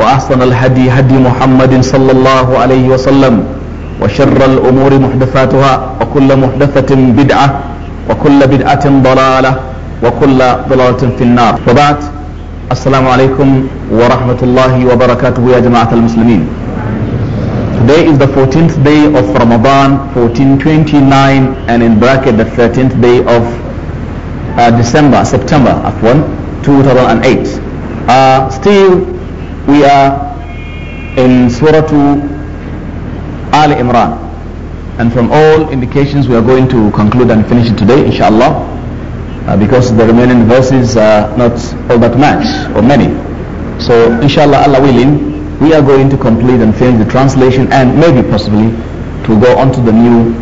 وأحسن الهدي هدي محمد صلى الله عليه وسلم وشر الأمور محدثاتها وكل محدثة بدعة وكل بدعة ضلالة وكل ضلالة في النار وبعد السلام عليكم ورحمة الله وبركاته يا جماعة المسلمين Today is the 14th day of Ramadan 1429 and in bracket the 13th day of uh, December, September, of 1, 2008. Uh, still We are in Surah Al Imran. And from all indications, we are going to conclude and finish it today, inshallah, uh, because the remaining verses are not all that much or many. So, inshallah, Allah willing, we are going to complete and finish the translation and maybe possibly to go on to the new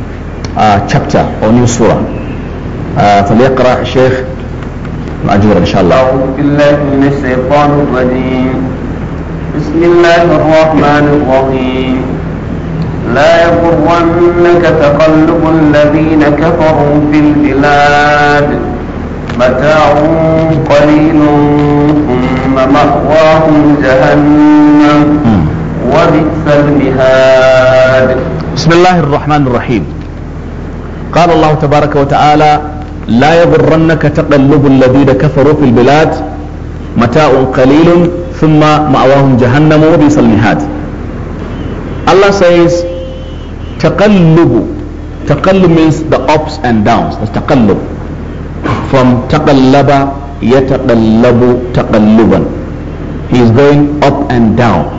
uh, chapter or new surah. Uh, فليقرأ شيخ مأجور إن شاء الله أعوذ بالله من الشيطان الرجيم بسم الله الرحمن الرحيم لا يغرنك تقلب الذين كفروا في البلاد متاع قليل ثم مأواهم جهنم وبئس المهاد بسم الله الرحمن الرحيم قال الله تبارك وتعالى لا يغرنك تقلب الذين كفروا في البلاد متاع قليل ثم مأواهم جهنم وبئس المهاد Allah says تقلب تقلب means the ups and downs The تقلب from تقلب يتقلب تقلبا he is going up and down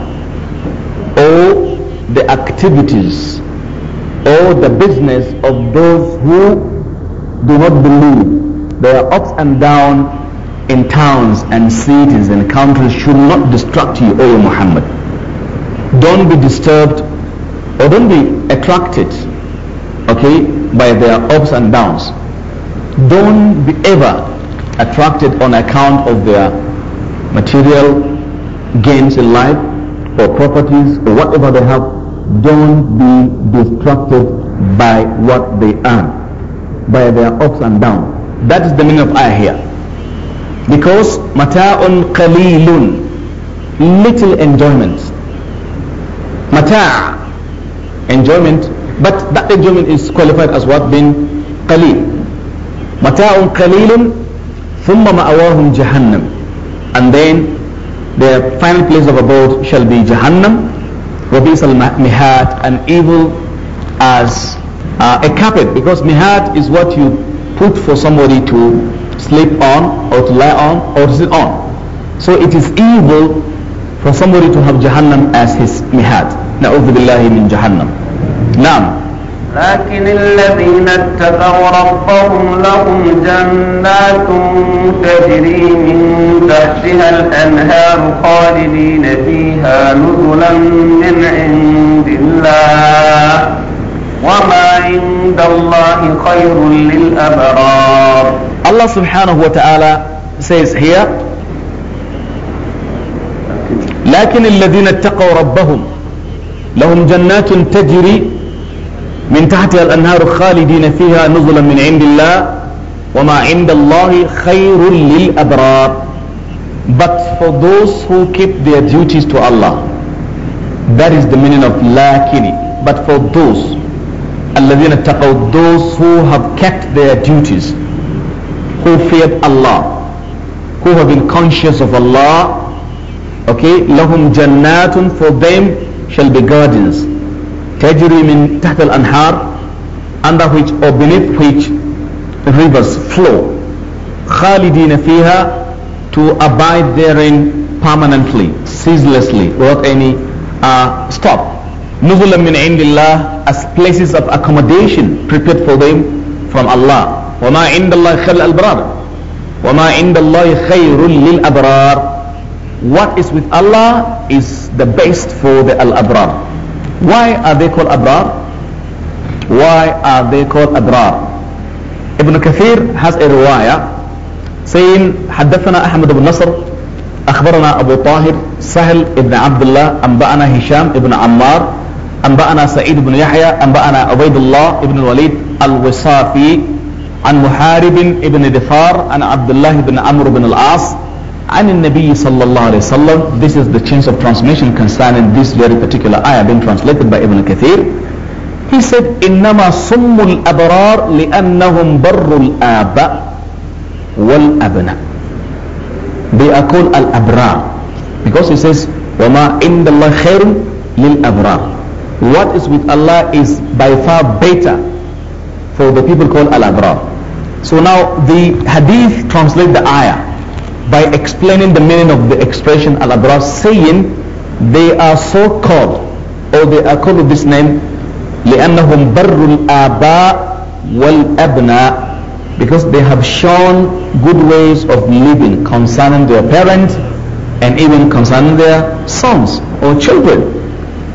All the activities or the business of those who do not believe they are ups and downs in towns and cities and countries should not distract you, O Muhammad. Don't be disturbed or don't be attracted, okay, by their ups and downs. Don't be ever attracted on account of their material gains in life or properties or whatever they have. Don't be distracted by what they earn, by their ups and downs. That is the meaning of ayah here. Because mata'un qalilun, little enjoyment. Mata' enjoyment, but that enjoyment is qualified as what being qalil. Mata'un qalilun, thumma ma'awahum jahannam. And then their final place of abode shall be Jahannam, is al-Mihad, and evil as uh, a carpet, because Mihad is what you put for somebody to sleep on or to lie on or to sit on. So it is evil for somebody to have Jahannam as his mihad. نعوذ بالله من جهنم. نعم. لكن الذين اتقوا ربهم لهم جنات تجري من تحتها الأنهار خالدين فيها نزلا من عند الله الله خير للأبرار Allah subhanahu wa says here لكن الذين اتقوا ربهم لهم جنات تجري من تحتها الأنهار خالدين فيها نزلا من عند الله وما عند الله خير للأبرار But for those who keep their duties to Allah, that is the meaning of لكن But for those الَّذِينَ اتَّقَوْا Those who have kept their duties, who feared Allah, who have been conscious of Allah, okay, لَهُمْ جَنَّاتٌ For them shall be gardens, تَجْرِي مِنْ تَحْتَ الانحار Under which or beneath which rivers flow, خَالِدِينَ فِيهَا To abide therein permanently, ceaselessly, without any uh, stop. نزلا من عند الله as places of accommodation prepared for them from Allah. وَمَا عِنْدَ اللَّهِ خَيْرٌ الْأَبْرَارِ وَمَا عِنْدَ اللَّهِ خَيْرٌ لِلْأَبْرَارِ What is with Allah is the best for the al-abrar. Why are they called abrar? Why are they called abrar? Ibn Kathir has a رواية saying حدثنا أحمد بن نصر أخبرنا أبو طاهر سهل بن عبد الله أنبأنا هشام بن عمار أنبأنا سعيد بن يحيى أنبأنا عبيد الله بن الوليد الوصافي عن محارب بن دفار عن عبد الله بن عمرو بن العاص عن النبي صلى الله عليه وسلم This is the change of transmission concerning this very particular ayah being translated by Ibn Kathir He said, إنما صم الأبرار لأنهم بر الآباء والأبناء. They are called الأبرار because he says, وما عند الله خير للأبرار. what is with Allah is by far better for the people called Al-Abrar. So now the hadith translates the ayah by explaining the meaning of the expression Al-Abrar saying they are so called or they are called with this name لأنهم بروا الآباء والأبناء because they have shown good ways of living concerning their parents and even concerning their sons or children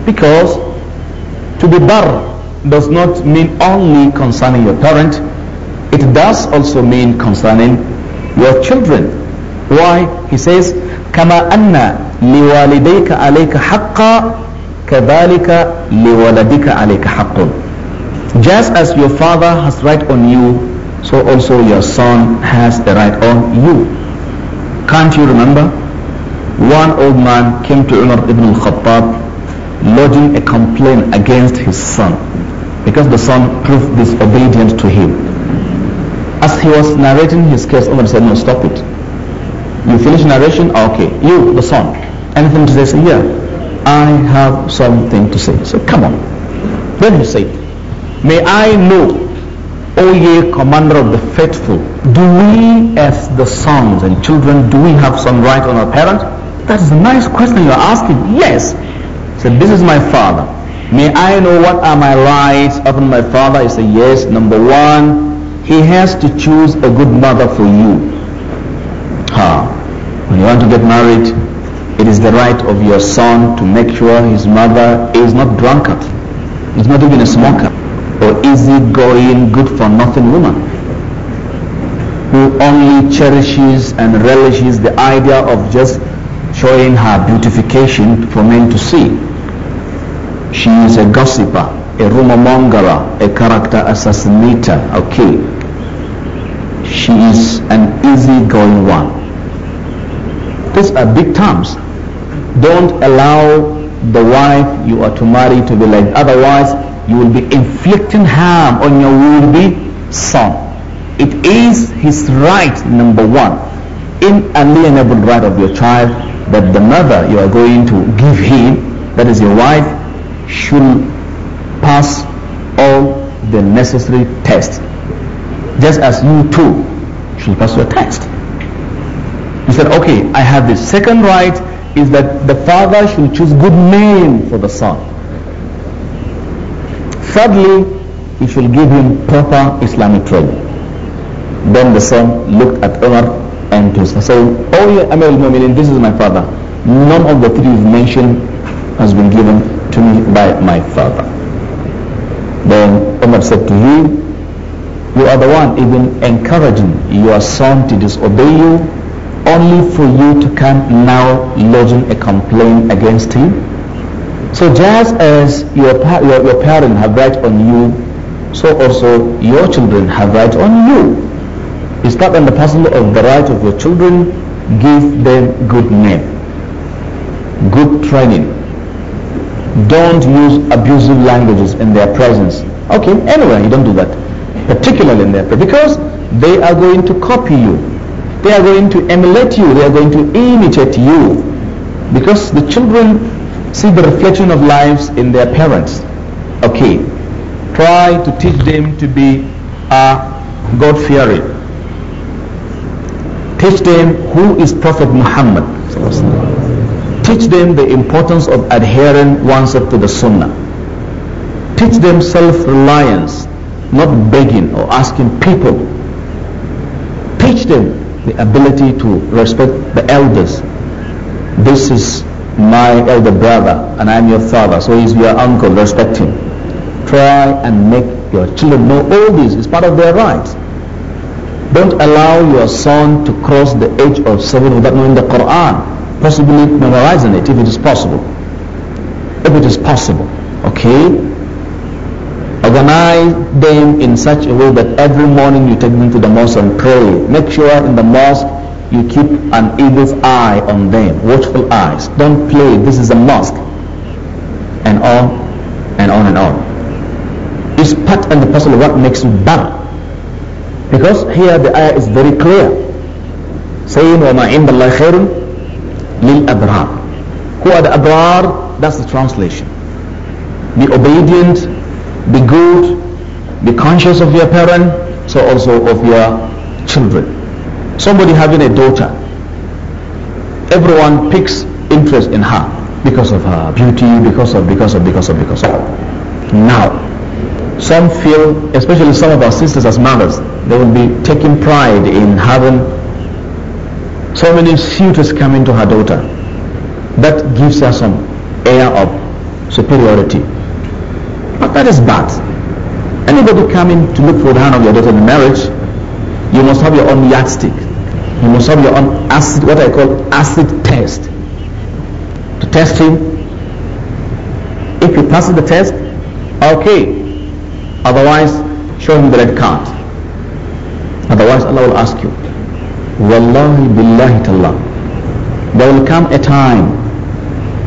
because to be bar does not mean only concerning your parent. It does also mean concerning your children. Why? He says, كما أن لوالديك عليك حقا كذلك لولدك عليك حق. Just as your father has right on you, so also your son has the right on you. Can't you remember? One old man came to Umar ibn al-Khattab lodging a complaint against his son because the son proved disobedient to him. As he was narrating his case, Umar said, no, stop it. You finish narration? Ah, okay. You, the son. Anything to say? Yeah. I have something to say. So come on. Then he said, May I know, O ye commander of the faithful, do we as the sons and children, do we have some right on our parents? That's a nice question you're asking. Yes. Said, this is my father. May I know what are my rights upon my father? He said, yes. Number one, he has to choose a good mother for you. Ha. When you want to get married, it is the right of your son to make sure his mother is not drunkard, is not even a smoker, or easy-going, good-for-nothing woman who only cherishes and relishes the idea of just showing her beautification for men to see. She is a gossiper, a rumor mongerer, a character assassinator. Okay. She is an easygoing one. These are big terms. Don't allow the wife you are to marry to be like. Otherwise, you will be inflicting harm on your worthy be son. It is his right, number one, inalienable right of your child that the mother you are going to give him, that is your wife, should pass all the necessary tests, just as you too should pass your test. You said, okay, I have the Second right is that the father should choose good name for the son. Thirdly, he should give him proper Islamic training. Then the son looked at Umar and to his father, saying, Oh, yeah, Amir al-Mu'minin, this is my father. None of the three you've mentioned has been given to me by my father. Then Omar said to you, you are the one even encouraging your son to disobey you only for you to come now lodging a complaint against him. So just as your, your, your parents have right on you, so also your children have right on you. Respect not the person of the right of your children. Give them good name, good training, don't use abusive languages in their presence. Okay, anyway, you don't do that. Particularly in their presence. Because they are going to copy you. They are going to emulate you. They are going to imitate you. Because the children see the reflection of lives in their parents. Okay, try to teach them to be a God-fearing. Teach them who is Prophet Muhammad. Teach them the importance of adhering oneself to the Sunnah. Teach them self-reliance, not begging or asking people. Teach them the ability to respect the elders. This is my elder brother and I'm your father, so he's your uncle, respect him. Try and make your children know all this. It's part of their rights. Don't allow your son to cross the age of seven without knowing the Quran possibly memorizing it if it is possible. If it is possible, okay? Organize them in such a way that every morning you take them to the mosque and pray. Make sure in the mosque you keep an eagle's eye on them, watchful eyes. Don't play, this is a mosque. And on and on and on. It's part and parcel of what makes you bad. Because here the ayah is very clear. Saying, وَمَا عِنْدَ اللَّهِ خَيْرٌ lil abrar. Who are the abrar? That's the translation. Be obedient, be good, be conscious of your parent, so also of your children. Somebody having a daughter, everyone picks interest in her because of her beauty, because of, because of, because of, because of. Now, some feel, especially some of our sisters as mothers, they will be taking pride in having so many suitors coming to her daughter. That gives her some air of superiority. But that is bad. Anybody coming to look for the hand of your daughter in marriage, you must have your own yardstick. You must have your own acid, what I call acid test. To test him, if he passes the test, okay. Otherwise, show him the red card. Otherwise, Allah will ask you. Wallahi billahi tallah. There will come a time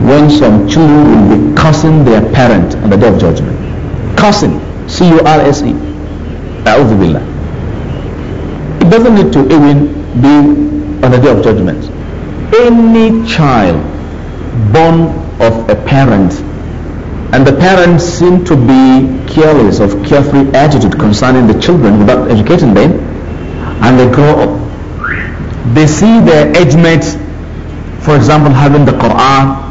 when some children will be cursing their parent on the day of judgment. Cursing. C-U-R-S-E. A'udhu billah. It doesn't need to even be on the day of judgment. Any child born of a parent and the parents seem to be careless of carefree attitude concerning the children without educating them and they grow up they see their age mates, for example, having the Quran,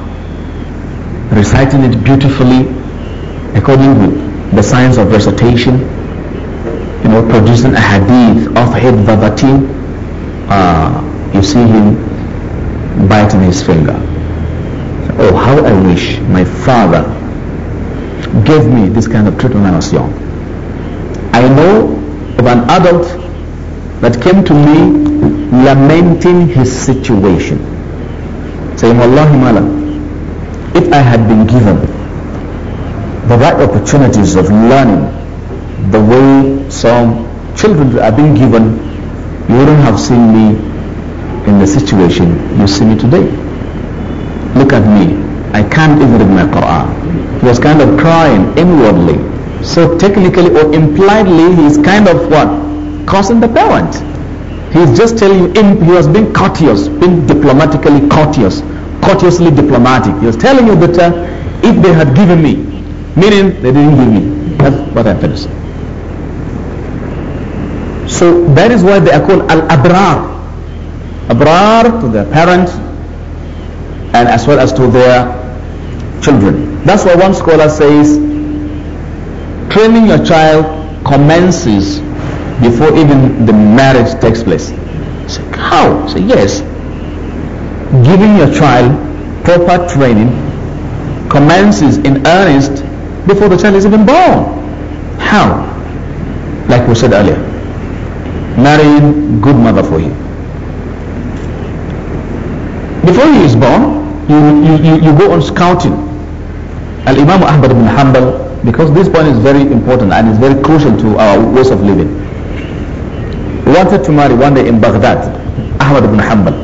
reciting it beautifully, according to the science of recitation, you know, producing a hadith of it verbatim, uh, you see him biting his finger. Oh, how I wish my father gave me this kind of treatment when I was young. I know of an adult that came to me lamenting his situation, saying, Wallahi Mala, if I had been given the right opportunities of learning the way some children are being given, you wouldn't have seen me in the situation you see me today. Look at me. I can't even read my Quran. He was kind of crying inwardly. So technically or impliedly, he is kind of what? cursing the parent. He's just telling him he was being courteous, being diplomatically courteous, courteously diplomatic. He was telling you that uh, if they had given me, meaning they didn't give me. That's what happens. So that is why they are called al-abrar. Abrar to their parents and as well as to their children. That's why one scholar says training your child commences before even the marriage takes place. So how? So yes, giving your child proper training commences in earnest before the child is even born. How? Like we said earlier, marrying good mother for him. Before he is born, you, you, you, you go on scouting. Al-Imam Ahmad ibn Hanbal, because this point is very important and is very crucial to our ways of living wanted to marry one day in Baghdad, Ahmad ibn Hanbal.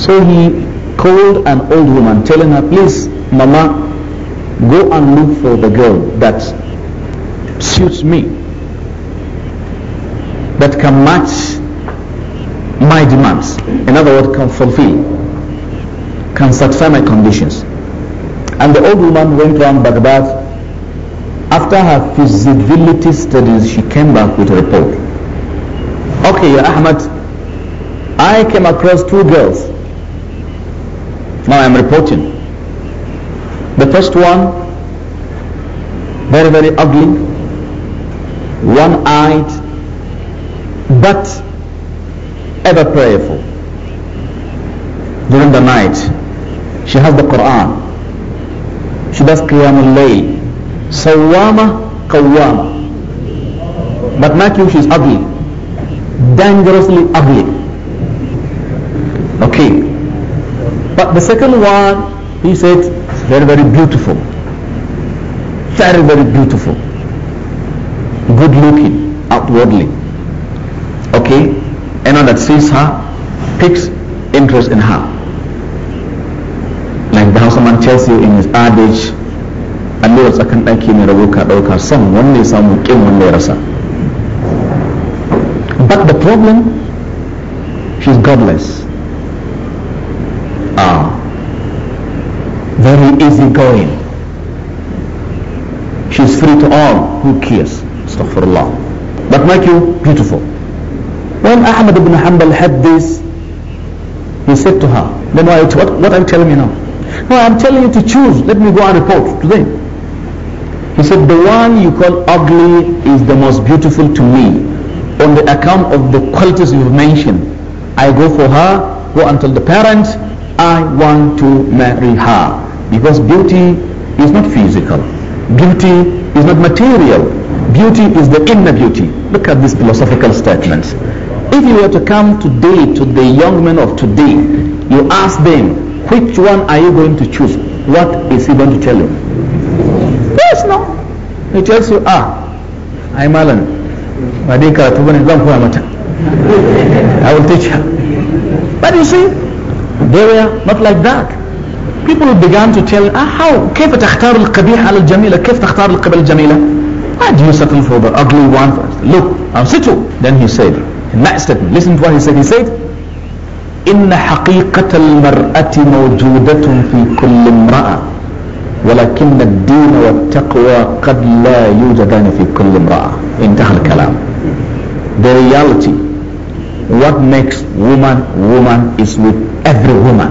So he called an old woman telling her, please, mama, go and look for the girl that suits me, that can match my demands. In other words, can fulfill, can satisfy my conditions. And the old woman went around Baghdad. After her feasibility studies, she came back with a report. Okay, Ya Ahmad, I came across two girls. Now I'm reporting. The first one, very, very ugly, one-eyed, but ever prayerful. During the night, she has the Quran. She does Qiyamul Layl. Sawama, kawama. But not you, she's ugly dangerously ugly. Okay. But the second one, he said, very, very beautiful. Very, very beautiful. Good looking, outwardly. Okay? Anyone that sees her takes interest in her. Like the houseman tells you in his adage, allurar tsakan ɗaki ne rabo ka ɗauka son wanne samu ƙin wanne rasa. But the problem, she's godless. Ah, very easygoing. She's free to all. Who cares? Astaghfirullah. But make you beautiful. When Ahmad ibn Hanbal had this, he said to her, then why, what, what I'm telling you now? No, I'm telling you to choose. Let me go and report to them. He said, the one you call ugly is the most beautiful to me on the account of the qualities you've mentioned. I go for her, go and tell the parents, I want to marry her. Because beauty is not physical. Beauty is not material. Beauty is the inner beauty. Look at these philosophical statements. If you were to come today to the young men of today, you ask them, which one are you going to choose? What is he going to tell you? Yes, no. He tells you, ah, I'm Alan. ba dai karatu bane zan koya mata I will teach her but you see they were not like that people began to tell ah, how كيف تختار القبيح على الجميلة كيف تختار القبيح الجميلة why do you settle for the ugly one first look I'll sitting then he said in nice statement listen to what he said he said إن حقيقة المرأة موجودة في كل امرأة ولكن الدين والتقوى قد لا يوجدان في كل امرأة انتهى الكلام the reality what makes woman woman is with every woman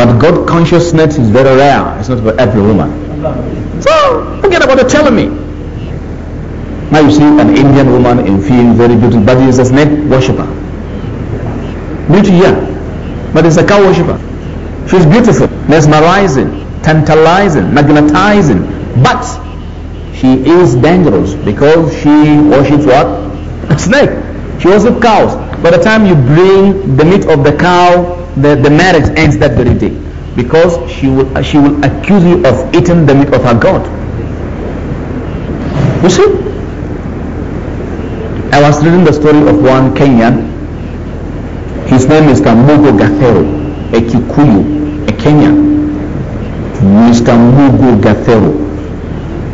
but god consciousness is very rare it's not for every woman so forget about you're telling me now you see an indian woman in film, very beautiful but is a snake worshiper beauty yeah but it's a cow worshiper she's beautiful mesmerizing tantalizing magnetizing but she is dangerous because she worships what snake. She also cows. By the time you bring the meat of the cow, the, the marriage ends that very day. Because she will, uh, she will accuse you of eating the meat of her God. You see? I was reading the story of one Kenyan. His name is Kamugo Gathero, a Kikuyu, a Kenyan. Mr. Mugo Gathero.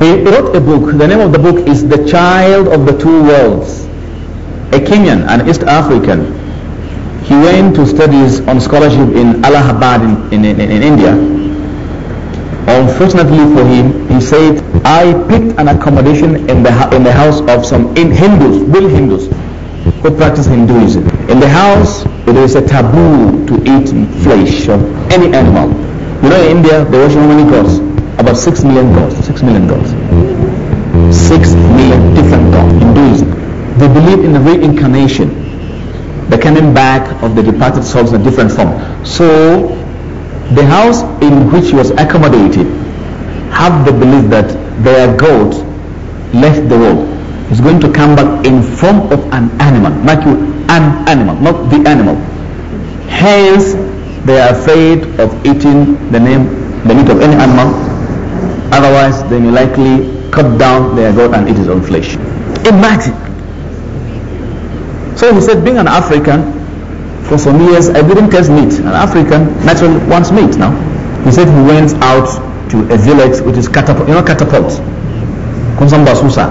He wrote a book. The name of the book is The Child of the Two Worlds a Kenyan, an East African, he went to studies on scholarship in Allahabad in, in, in, in India. Unfortunately for him, he said, I picked an accommodation in the, in the house of some Hindus, real Hindus, who practice Hinduism. In the house, it is a taboo to eat flesh of any animal. You know, in India, they worship how many gods? About 6 million gods. 6 million gods. 6 million different gods. Hinduism. They believe in the reincarnation, the coming back of the departed souls in a different form. So the house in which he was accommodated have the belief that their God left the world. He's going to come back in form of an animal. Mark you, an animal, not the animal. Hence, they are afraid of eating the name, the meat of any animal. Otherwise, they may likely cut down their God and eat his own flesh. Imagine so he said, being an African, for some years I didn't catch meat. An African naturally wants meat now. He said he went out to a village which is catapult, you know catapult? Kunsamba Susa.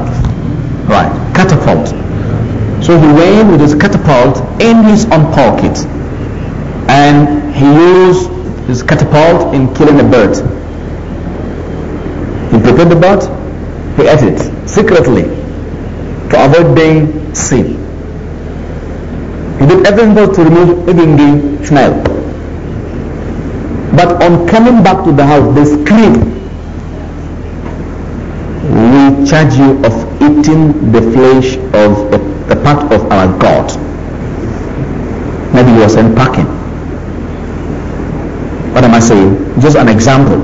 Right, catapult. So he went with his catapult in his own pocket. And he used his catapult in killing a bird. He prepared the bird, he ate it secretly to avoid being seen did everything to remove even the smell. But on coming back to the house, they scream. We charge you of eating the flesh of a, part of our God. Maybe are saying unpacking. What am I saying? Just an example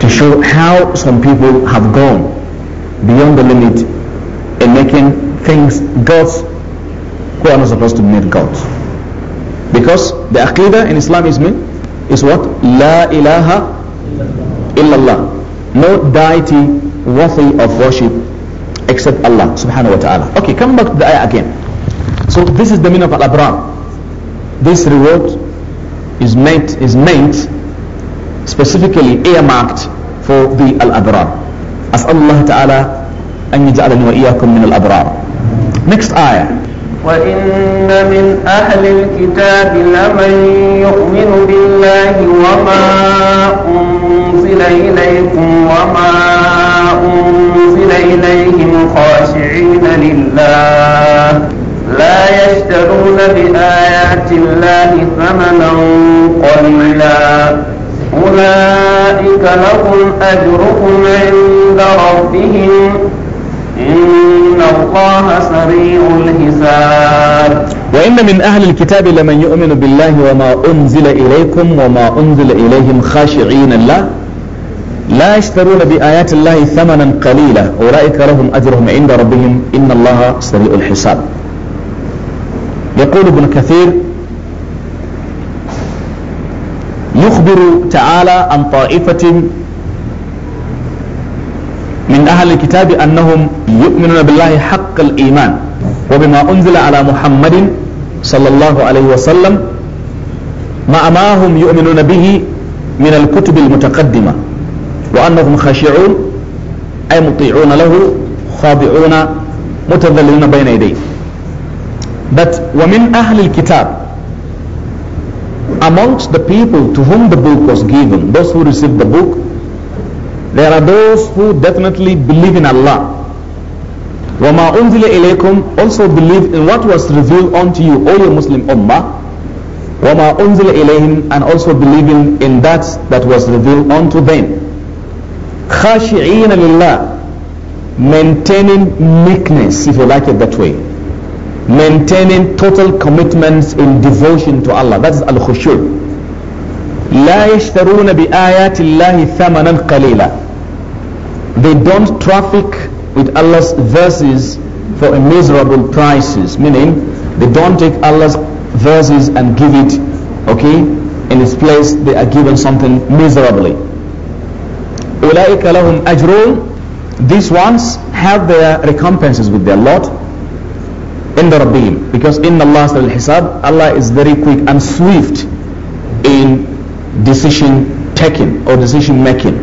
to show how some people have gone beyond the limit in making things, gods who are not supposed to be made gods. Because the Aqidah in Islam is, mean, is what? La ilaha illallah. No deity worthy of worship except Allah subhanahu wa ta'ala. Okay, come back to the ayah again. So this is the meaning of Al-Abrar. This reward is meant, is meant specifically earmarked for the Al-Abrar. أسأل الله تعالى أن يجعلني وإياكم من الأبرار Next ayah. وإن من أهل الكتاب لمن يؤمن بالله وما أنزل إليكم وما أنزل إليهم خاشعين لله لا يشترون بآيات الله ثمنا قليلا أولئك لهم أجرهم عند ربهم إن إن الله سريع الحساب وإن من أهل الكتاب لمن يؤمن بالله وما أنزل إليكم وما أنزل إليهم خاشعين الله لا يشترون بآيات الله ثمنا قليلا أولئك لهم أجرهم عند ربهم إن الله سريع الحساب يقول ابن كثير يخبر تعالى عن طائفة من أهل الكتاب أنهم يؤمنون بالله حق الإيمان وبما أنزل على محمد صلى الله عليه وسلم مع ما هم يؤمنون به من الكتب المتقدمة وأنهم خاشعون أي مطيعون له خاضعون متذللون بين يديه But ومن أهل الكتاب amongst the people to whom the book was given, those who received the book There are those who definitely believe in Allah. وَمَا أُنزِلَ إِلَيْكُمْ Also believe in what was revealed unto you, O your Muslim Ummah. وَمَا أُنزِلَ إِلَيْهِمْ And also believing in that that was revealed unto them. خَاشِعِينَ لِلَّهِ Maintaining meekness, if you like it that way. Maintaining total commitments in devotion to Allah. That is al-khushu'. لا يشترون بآيات الله ثمنا قليلا they don't traffic with Allah's verses for a miserable prices meaning they don't take Allah's verses and give it okay in its place they are given something miserably أولئك لهم أجرون these ones have their recompenses with their Lord in the Rabbim because in Allah Allah is very quick and swift in decision taking or decision making.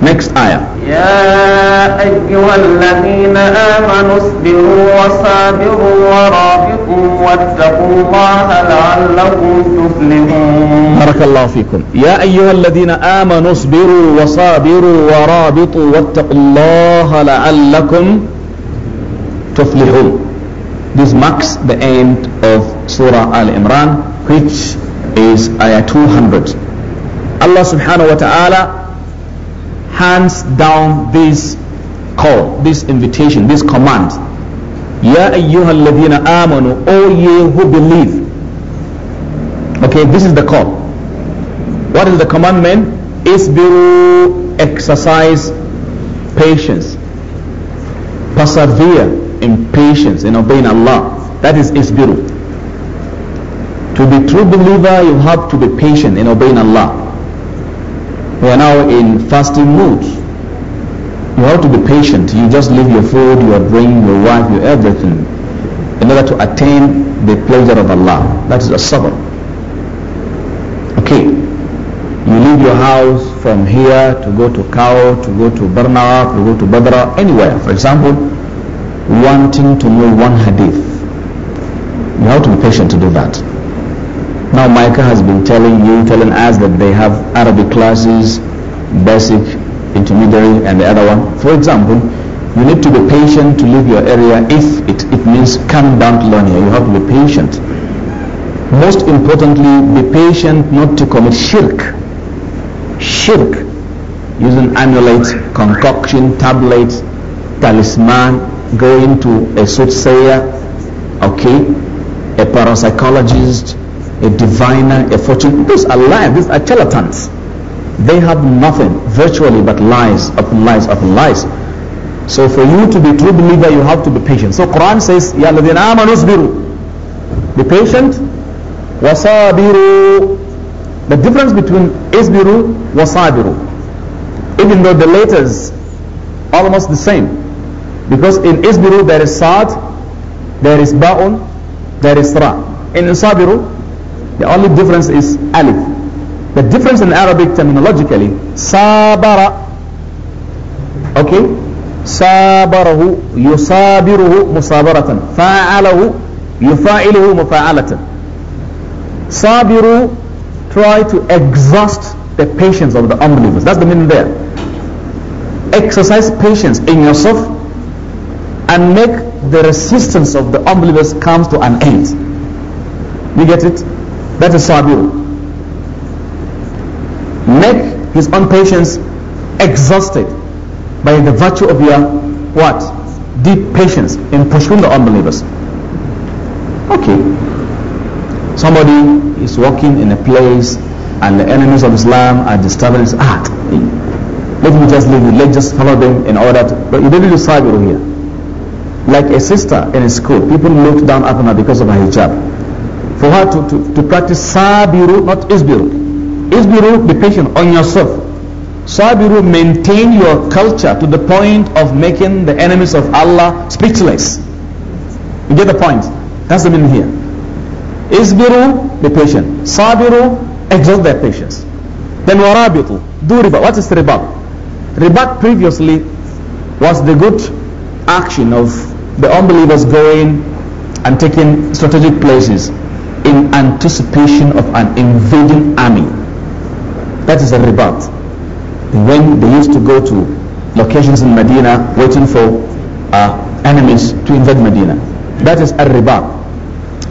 Next ayah. يا أيها الذين آمنوا اصبروا وصابروا ورابطوا واتقوا الله لعلكم تفلحون بارك الله فيكم يا أيها الذين آمنوا اصبروا وصابروا ورابطوا واتقوا الله لعلكم تفلحون This marks the end of Surah Al-Imran which is ayah 200. Allah subhanahu wa ta'ala hands down this call, this invitation, this command. Ya ayyuhal amanu, O ye who believe. Okay, this is the call. What is the commandment? Isbiru, exercise patience. Persevere in patience in obeying Allah. That is isbiru. To be true believer, you have to be patient in obeying Allah. We are now in fasting mood. You have to be patient. You just leave your food, your drink, your wife, your everything in order to attain the pleasure of Allah. That is a sabr. Okay. You leave your house from here to go to Kao, to go to Barna, to go to Badra, anywhere. For example, wanting to know one hadith. You have to be patient to do that. Now Micah has been telling you, telling us that they have Arabic classes, basic, intermediary, and the other one. For example, you need to be patient to leave your area if it, it means come down to learn here. You have to be patient. Most importantly, be patient not to commit shirk. Shirk, using amulets, concoction, tablets, talisman, going to a soothsayer, okay, a parapsychologist, a diviner, a fortune. Those are lies. These are charlatans. They have nothing virtually but lies upon lies upon lies. So for you to be true believer, you have to be patient. So Quran says, Ya ladina amanu Be patient. Wasabiru. The difference between isbiru, wasabiru. Even though the letters almost the same. Because in isbiru there is sad, there is ba'un, there is ra. In sabiru the only difference is alif. The difference in Arabic terminologically, sabara. Okay? Sabarahu, yusabiruhu musabaratan. Fa'alahu, yufa'iluhu mufa'alatan. Sabiru, try to exhaust the patience of the unbelievers. That's the meaning there. Exercise patience in yourself and make the resistance of the unbelievers come to an end. You get it? That is sabir. Make his own patience exhausted by the virtue of your what? Deep patience in pursuing the unbelievers. Okay. Somebody is walking in a place and the enemies of Islam are disturbing his heart. Let me just leave you. Let's just follow them in order to. But you don't to sabir here. Like a sister in a school, people look down upon her because of her hijab for her to, to, to practice sabiru, not isbiru. Isbiru, be patient on yourself. Sabiru, maintain your culture to the point of making the enemies of Allah speechless. You get the point? That's the meaning here. Isbiru, be patient. Sabiru, exalt their patience. Then warabitu, do riba. What is riba? Riba previously was the good action of the unbelievers going and taking strategic places anticipation of an invading army. That is a ribat. When they used to go to locations in Medina waiting for uh, enemies to invade Medina. That is a ribat.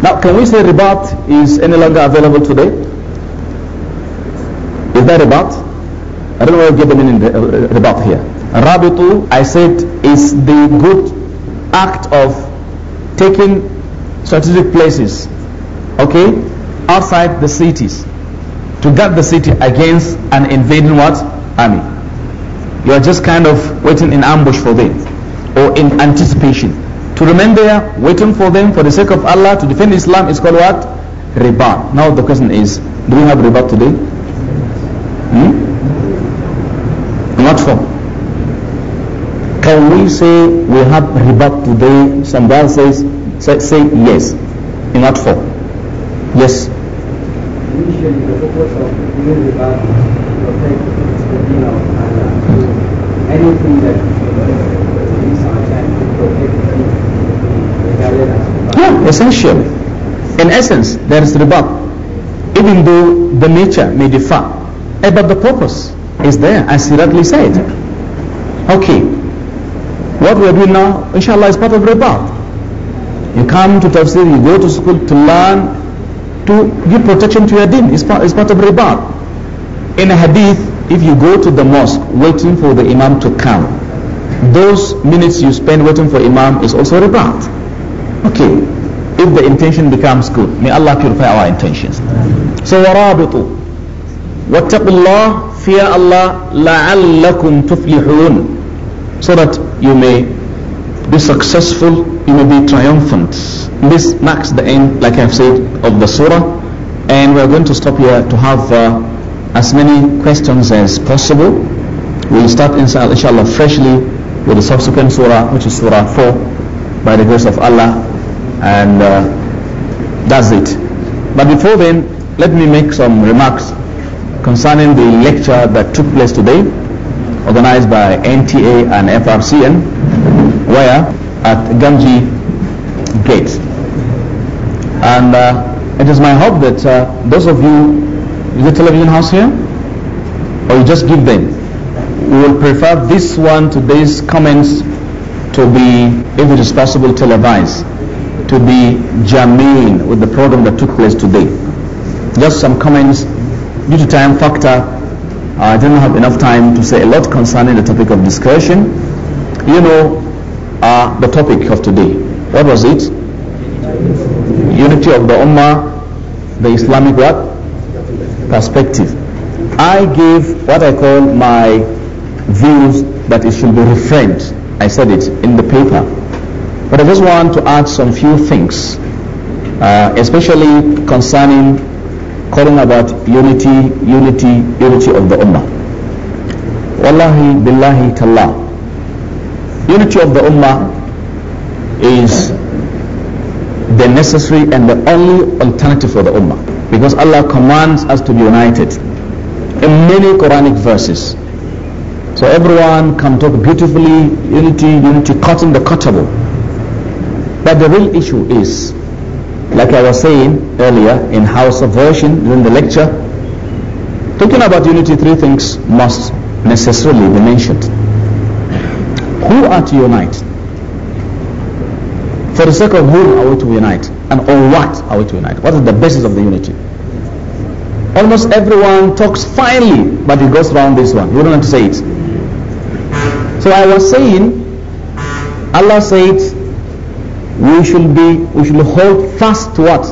Now, can we say ribat is any longer available today? Is that ribat? I don't want to get the meaning ribat here. Rabitu, I said, is the good act of taking strategic places okay, outside the cities to guard the city against an invading what? Army. You are just kind of waiting in ambush for them or in anticipation. To remain there, waiting for them for the sake of Allah to defend Islam is called what? Riba. Now the question is, do we have riba today? Hmm? Not for. Can we say we have riba today? Some says, say, say yes. In what form? Yes. Initially, the purpose of riba is to protect the deen of Allah. Anything that is our time to protect the deen, regarded as Yeah, essentially. In essence, there is riba. Even though the nature may differ, eh, but the purpose is there, as he said. Okay, what we are doing now, inshallah, is part of riba. You come to tafsir, you go to school to learn to give protection to your deen. It's part, it's part of riba. In a hadith, if you go to the mosque waiting for the imam to come, those minutes you spend waiting for imam is also riba. Okay. If the intention becomes good, may Allah purify our intentions. So warabitu. واتقوا الله fear la لعلكم تفلحون so that you may be successful, you may be triumphant. This marks the end, like I have said, of the surah. And we are going to stop here to have uh, as many questions as possible. We will start, inshallah, freshly with the subsequent surah, which is surah 4, by the grace of Allah. And uh, that's it. But before then, let me make some remarks concerning the lecture that took place today, organized by NTA and FRCN wire at Ganji Gate. And uh, it is my hope that uh, those of you, in the television house here? Or you just give them? We will prefer this one, today's comments, to be, if it is possible, televised, to be germane with the program that took place today. Just some comments due to time factor. I didn't have enough time to say a lot concerning the topic of discussion. You know, are the topic of today. What was it? Unity of the Ummah, the Islamic what? Perspective. I gave what I call my views that it should be reframed. I said it in the paper. But I just want to add some few things, uh, especially concerning calling about unity, unity, unity of the Ummah. Wallahi, billahi, tallah unity of the Ummah is the necessary and the only alternative for the Ummah. Because Allah commands us to be united in many Quranic verses. So everyone can talk beautifully, unity, unity, cutting the cuttable. But the real issue is, like I was saying earlier in House of Version during the lecture, talking about unity, three things must necessarily be mentioned. Who are to unite? For the sake of whom are we to unite? And on what are we to unite? What is the basis of the unity? Almost everyone talks finely, but it goes round this one. You don't have to say it. So I was saying, Allah said, we should be, we should hold fast to what?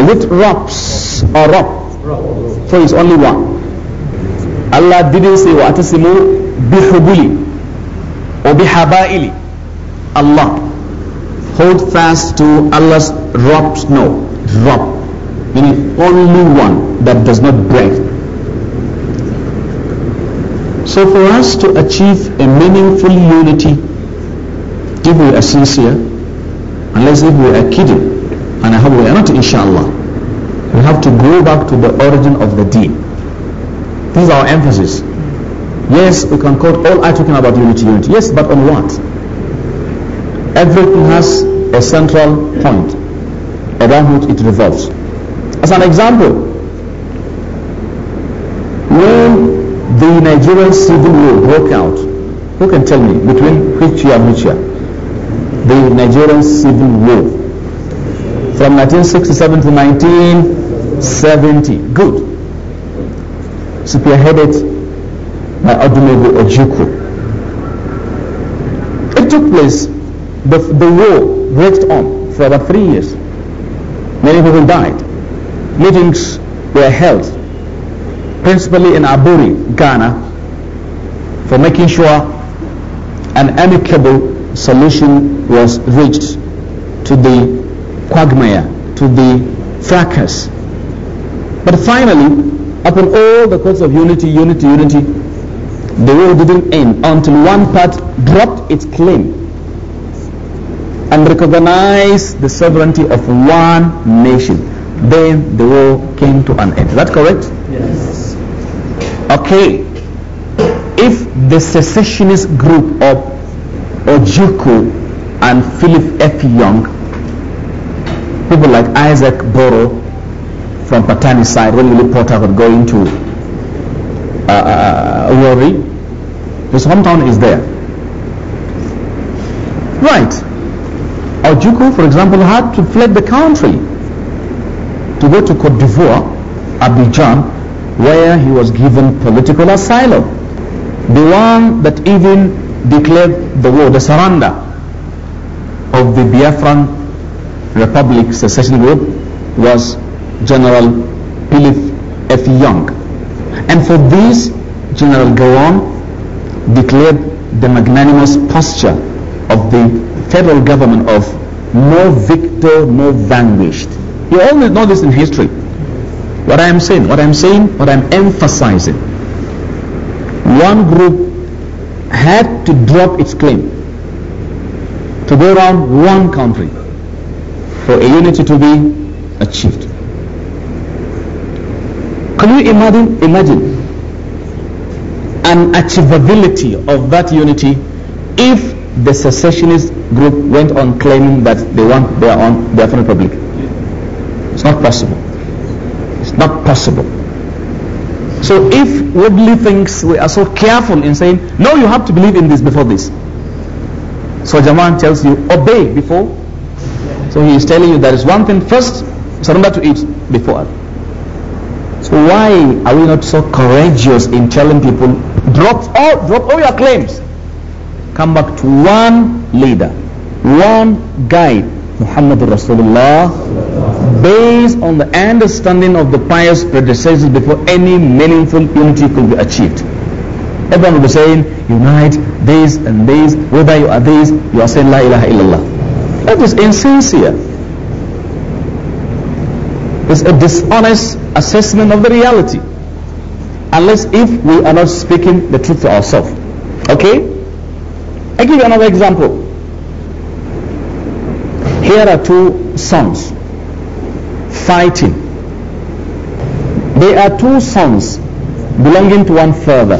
Is it ropes or rope? So it's only one. Allah didn't say, وَأَتَسِمُوا bihubuli or bihabaili Allah. Hold fast to Allah's rock no Rock. Meaning only one that does not break. So for us to achieve a meaningful unity, if we are sincere, unless if we are kidding, and I hope we are not inshallah, we have to go back to the origin of the deen. This is our emphasis. Yes, we can quote all I talking about unity, unity. Yes, but on what? Everything has a central point around which it revolves. As an example, when the Nigerian civil war broke out, who can tell me between which year and which year? The Nigerian civil war from 1967 to 1970. Good. Spearheaded by Admiral Ejuku. It took place, the, the war raged on for about three years. Many people died. Meetings were held, principally in Aburi, Ghana, for making sure an amicable solution was reached to the quagmire, to the fracas. But finally, upon all the calls of unity, unity, unity, the war didn't end until one part dropped its claim and recognized the sovereignty of one nation. Then the war came to an end. Is that correct? Yes. Okay. If the secessionist group of Ojukwu and Philip F. Young, people like Isaac Boro from Patani's side, when really Porter were go into? Uh, uh, worry. His hometown is there. Right. Ojuku, for example, had to flee the country to go to Cote d'Ivoire, Abidjan, where he was given political asylum. The one that even declared the war, the surrender of the Biafran Republic secession group was General Philip F. Young. And for this, General Gowon declared the magnanimous posture of the federal government of no victor, no vanquished. You all know this in history. What I am saying, what I am saying, what I am emphasizing. One group had to drop its claim to go around one country for a unity to be achieved. Can you imagine, imagine an achievability of that unity if the secessionist group went on claiming that they want their own their own republic. It's not possible. It's not possible. So if worldly things we are so careful in saying, no, you have to believe in this before this. So Jaman tells you, obey before. So he is telling you there is one thing first, surrender to it before. So why are we not so courageous in telling people, drop all, drop all your claims. Come back to one leader, one guide, Muhammad Rasulullah, based on the understanding of the pious predecessors before any meaningful unity could be achieved. Everyone will be saying, unite this and this, whether you are this, you are saying La ilaha illallah. That is insincere is a dishonest assessment of the reality. Unless if we are not speaking the truth to ourselves. Okay? I give you another example. Here are two sons fighting. They are two sons belonging to one father.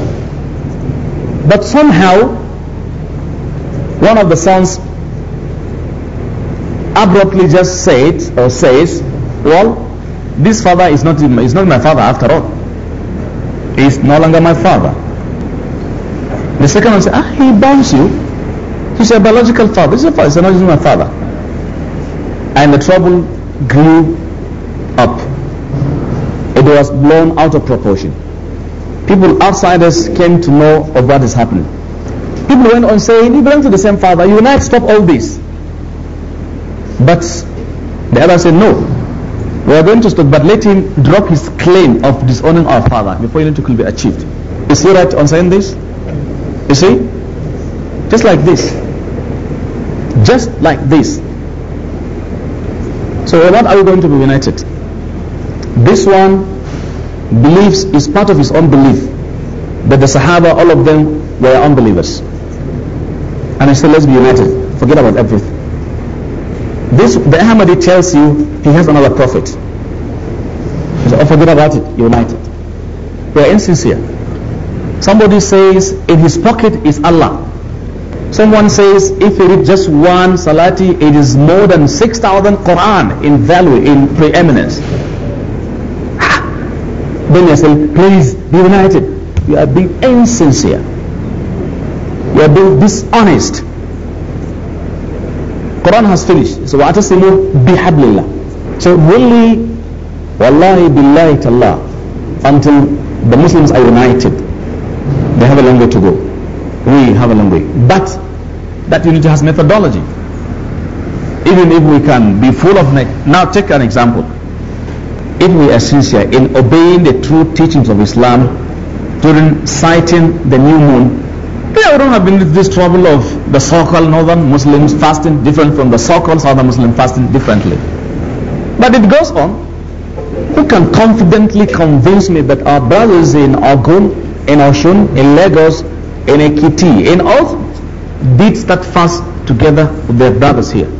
But somehow, one of the sons abruptly just said or says, well, this father is not, is not my father after all. He is no longer my father. The second one said, ah, he bounds you. He's a biological father. He's a father. He's not my father. And the trouble grew up. It was blown out of proportion. People, outsiders, came to know of what is happening. People went on saying, you belong to the same father. You will not stop all this. But the other said, no. We are going to stop, but let him drop his claim of disowning our father before unity could be achieved. Is he right on saying this? You see? Just like this. Just like this. So what are we going to be united? This one believes is part of his own belief that the Sahaba, all of them were unbelievers. And I said, let's be united. Forget about everything. This the Ahmadi tells you he has another prophet. He forget about it, unite united. We are insincere. Somebody says, in his pocket is Allah. Someone says, if he read just one Salati, it is more than 6,000 Quran in value, in preeminence. then you say, please be united. You are being insincere. You are being dishonest. Quran has finished. So, وَأَتَسِمُوا "Be اللَّهِ so really, wallahi billahi Allah, until the Muslims are united, they have a long way to go. We have a long way. But that unity has methodology. Even if we can be full of... Now take an example. If we are sincere in obeying the true teachings of Islam during sighting the new moon, we wouldn't have been in this trouble of the so-called northern Muslims fasting different from the so-called southern Muslims fasting differently. But it goes on. Who can confidently convince me that our brothers in Ogun, in Oshun, in Lagos, in Ekiti, in all did start fast together with their brothers here?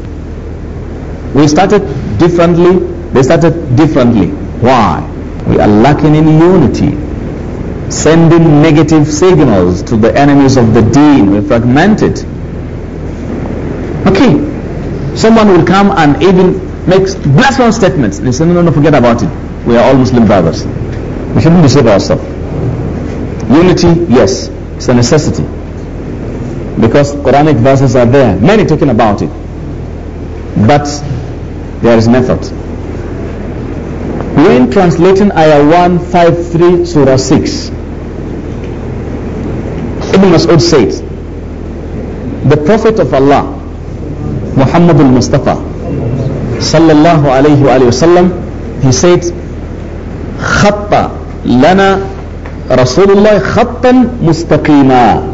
We started differently, they started differently. Why? We are lacking in unity, sending negative signals to the enemies of the deen. We're fragmented. Okay, someone will come and even makes blasphemous statements. They say, no, no, no, forget about it. We are all Muslim brothers. We shouldn't deceive ourselves. Unity, yes, it's a necessity. Because Quranic verses are there, many talking about it. But there is method. When translating Ayah 153, Surah 6, Ibn Mas'ud said, The Prophet of Allah, Muhammad al-Mustafa, sallallahu alayhi wa sallam, he said, خط لنا رسول الله خطا مستقيما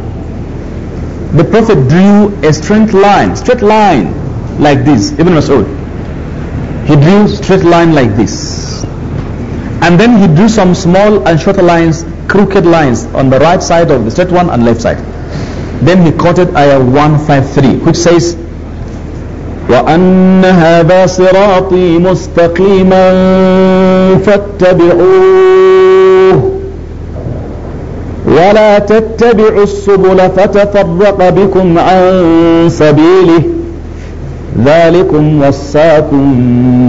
the Prophet drew a straight line, straight line like this. Ibn Mas'ud. He drew straight line like this. And then he drew some small and shorter lines, crooked lines on the right side of the straight one and left side. Then he quoted ayah 153, which says, وأن هذا صراطي مستقيما فاتبعوه ولا تتبعوا السبل فتفرق بكم عن سبيله ذلكم وصاكم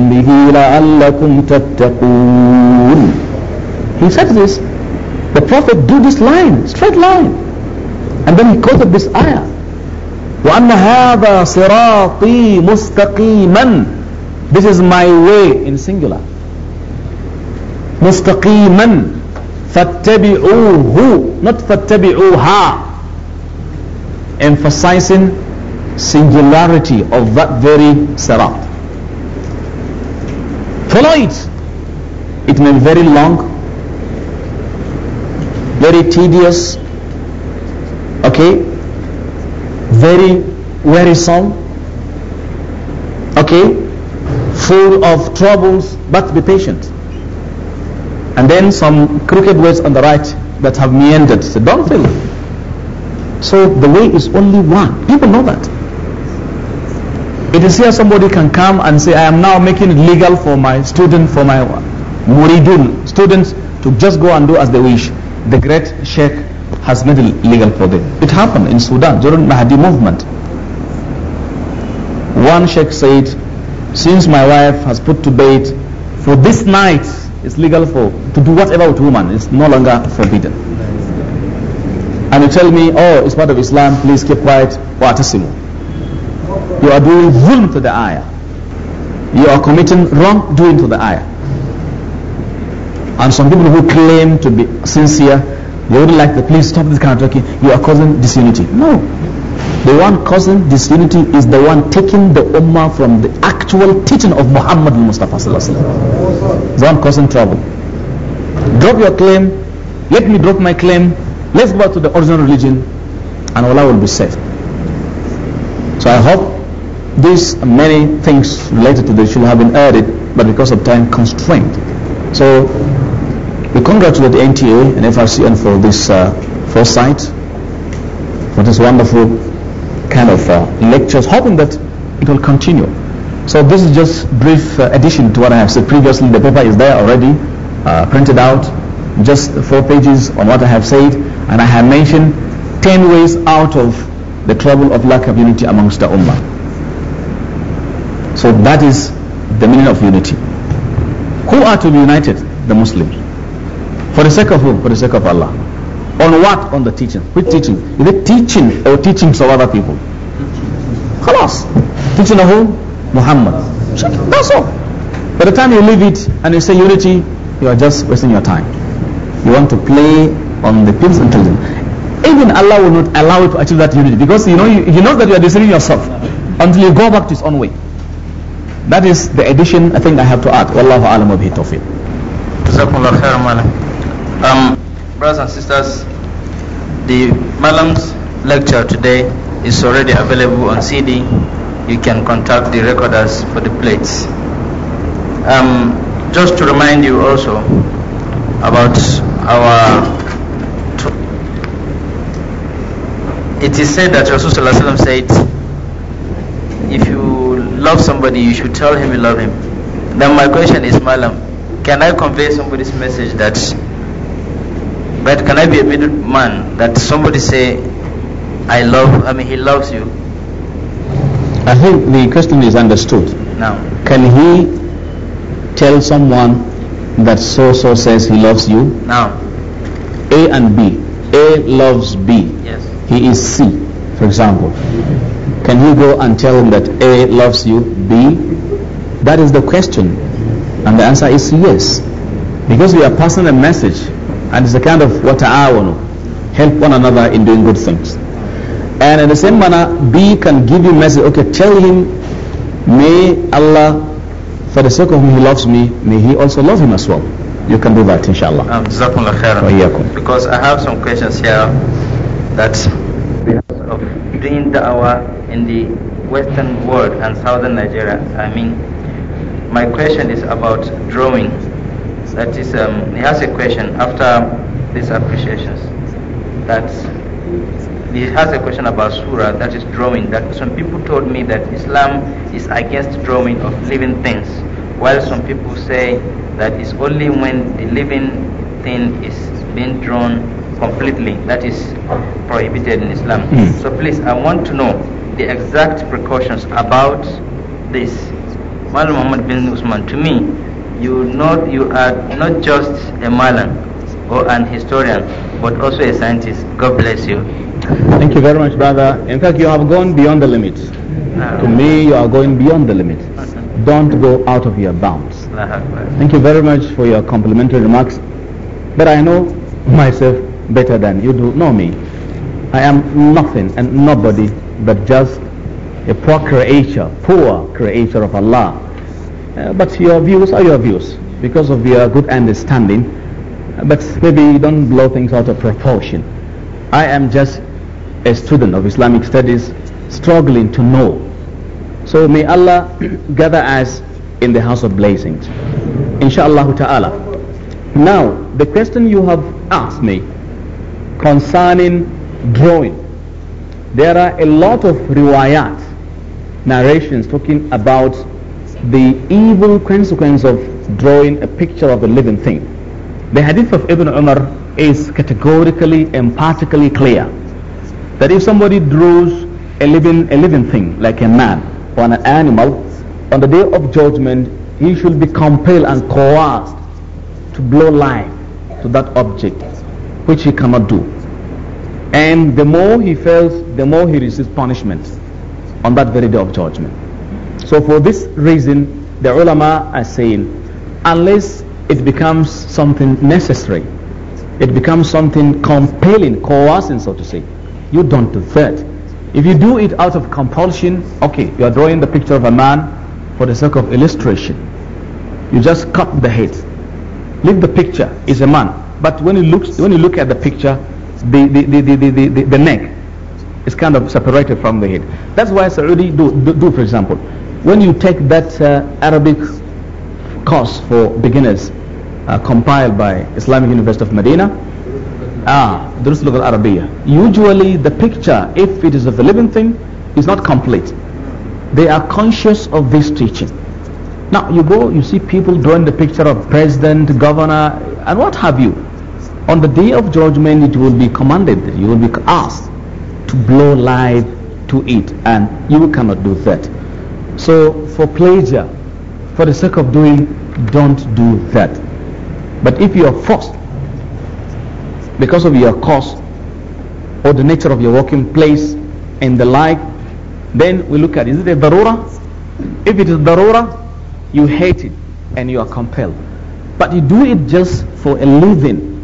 به لعلكم تتقون He said this. The Prophet drew this line, straight line. And then he quoted this ayah. وأن هذا صراطي مستقيما This is my way in singular مستقيما فاتبعوه not فاتبعوها emphasizing singularity of that very sirat follow it it may be very long very tedious okay very wearisome, okay, full of troubles, but be patient. And then some crooked ways on the right that have meandered. So don't fail. So the way is only one. People know that. It is here somebody can come and say, I am now making it legal for my student, for my muridun, students to just go and do as they wish. The great Sheikh has made it legal for them. It happened in Sudan during Mahdi movement. One sheikh said, since my wife has put to bed for this night, it's legal for to do whatever with woman. It's no longer forbidden. And you tell me, oh, it's part of Islam. Please keep quiet. You are doing wrong to the ayah. You are committing wrongdoing to the ayah. And some people who claim to be sincere they wouldn't like that, please stop this kind of talking. You are causing disunity. No. The one causing disunity is the one taking the ummah from the actual teaching of Muhammad Mustafa The one causing trouble. Drop your claim. Let me drop my claim. Let's go back to the original religion and Allah will be safe. So I hope these many things related to this should have been added, but because of time constraint. So we congratulate NTA and FRCN for this uh, foresight, for this wonderful kind of uh, lectures, hoping that it will continue. So this is just brief uh, addition to what I have said previously. The paper is there already, uh, printed out, just four pages on what I have said, and I have mentioned 10 ways out of the trouble of lack of unity amongst the Ummah. So that is the meaning of unity. Who are to be united? The Muslims. For the sake of whom? For the sake of Allah. On what? On the teaching. Which teaching? Is it teaching or teachings of other people? Khalas. Teaching of whom? Muhammad. That's all. By the time you leave it and you say unity, you are just wasting your time. You want to play on the people's intelligence. Even Allah will not allow you to achieve that unity because you know you, you know that you are deceiving yourself until you go back to his own way. That is the addition I think I have to add. Wallahu alam wa bihi tawfiq. Um, brothers and sisters, the Malam's lecture today is already available on CD. You can contact the recorders for the plates. Um, just to remind you also about our. it is said that Rasulullah said, if you love somebody, you should tell him you love him. Then my question is, Malam, can I convey somebody's message that but can I be a middleman that somebody say, I love, I mean, he loves you? I think the question is understood. Now, can he tell someone that so so says he loves you? Now, A and B. A loves B. Yes. He is C, for example. Can he go and tell him that A loves you, B? That is the question. And the answer is yes. Because we are passing a message and it's a kind of wata'awanu. Help one another in doing good things. And in the same manner, B can give you message. Okay, tell him, may Allah, for the sake of whom he loves me, may he also love him as well. You can do that, inshallah. Um, because I have some questions here that of doing hour in the western world and southern Nigeria. I mean, my question is about drawing that is um, he has a question after these appreciations that he has a question about surah that is drawing that some people told me that islam is against drawing of living things while some people say that it's only when the living thing is being drawn completely that is prohibited in islam mm. so please i want to know the exact precautions about this Muhammad bin Usman to me you not you are not just a Malan or an historian, but also a scientist. God bless you. Thank you very much, brother. In fact, you have gone beyond the limits. Ah. to me, you are going beyond the limits. Okay. Don't go out of your bounds. Thank you very much for your complimentary remarks. But I know myself better than you do know me. I am nothing and nobody but just a poor creature, poor creature of Allah uh, but your views are your views because of your good understanding. Uh, but maybe don't blow things out of proportion. I am just a student of Islamic studies struggling to know. So may Allah gather us in the house of blessings. Inshallah ta'ala. Now, the question you have asked me concerning drawing. There are a lot of riwayat, narrations talking about the evil consequence of drawing a picture of a living thing. The hadith of Ibn Umar is categorically, emphatically clear that if somebody draws a living, a living thing like a man or an animal, on the day of judgment, he should be compelled and coerced to blow life to that object, which he cannot do. And the more he fails, the more he receives punishment on that very day of judgment. So for this reason, the ulama are saying, unless it becomes something necessary, it becomes something compelling, coercing, so to say, you don't do that. If you do it out of compulsion, okay, you are drawing the picture of a man for the sake of illustration. You just cut the head. Leave the picture, is a man. But when you look, when you look at the picture, the, the, the, the, the, the, the neck is kind of separated from the head. That's why Saudi do, do, do for example, when you take that uh, Arabic course for beginners uh, compiled by Islamic University of Medina, ah, Durus Lugal Arabiya, usually the picture, if it is of a living thing, is not complete. They are conscious of this teaching. Now you go, you see people drawing the picture of president, governor, and what have you. On the day of judgment, it will be commanded, you will be asked to blow life to it, and you cannot do that. So for pleasure, for the sake of doing, don't do that. But if you are forced because of your cost or the nature of your working place and the like, then we look at is it a darura? If it is darura, you hate it and you are compelled. But you do it just for a living.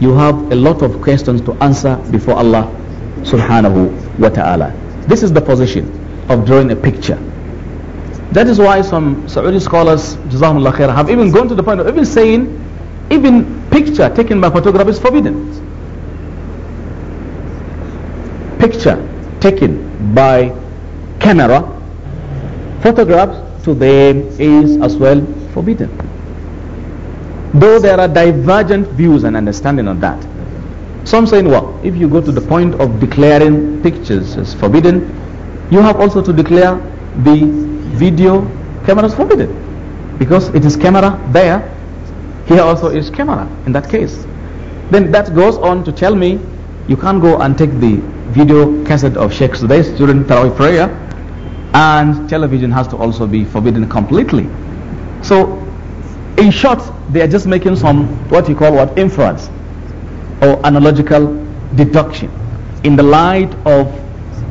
You have a lot of questions to answer before Allah subhanahu wa ta'ala. This is the position of drawing a picture. That is why some Saudi scholars, Jazahumullah khair, have even gone to the point of even saying, even picture taken by photograph is forbidden. Picture taken by camera, photographs to them is as well forbidden. Though there are divergent views and understanding on that. Some saying, well, if you go to the point of declaring pictures as forbidden, you have also to declare the video, camera is forbidden because it is camera there. Here also is camera in that case. Then that goes on to tell me you can't go and take the video cassette of Sheikh Sudais during Tarawih prayer and television has to also be forbidden completely. So in short, they are just making some what you call what inference or analogical deduction in the light of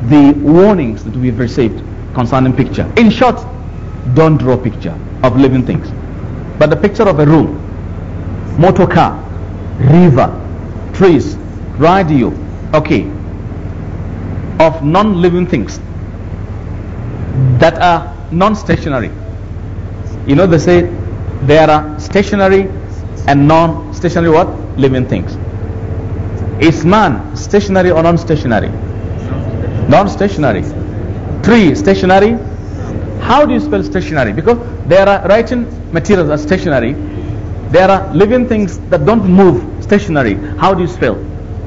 the warnings that we've received concerning picture. In short, don't draw picture of living things. But the picture of a room, motor car, river, trees, radio, okay, of non-living things that are non-stationary. You know they say there are stationary and non-stationary what? Living things. Is man stationary or non-stationary? Non-stationary. Three, stationary. How do you spell stationary? Because there are writing materials are stationary. There are living things that don't move, stationary. How do you spell?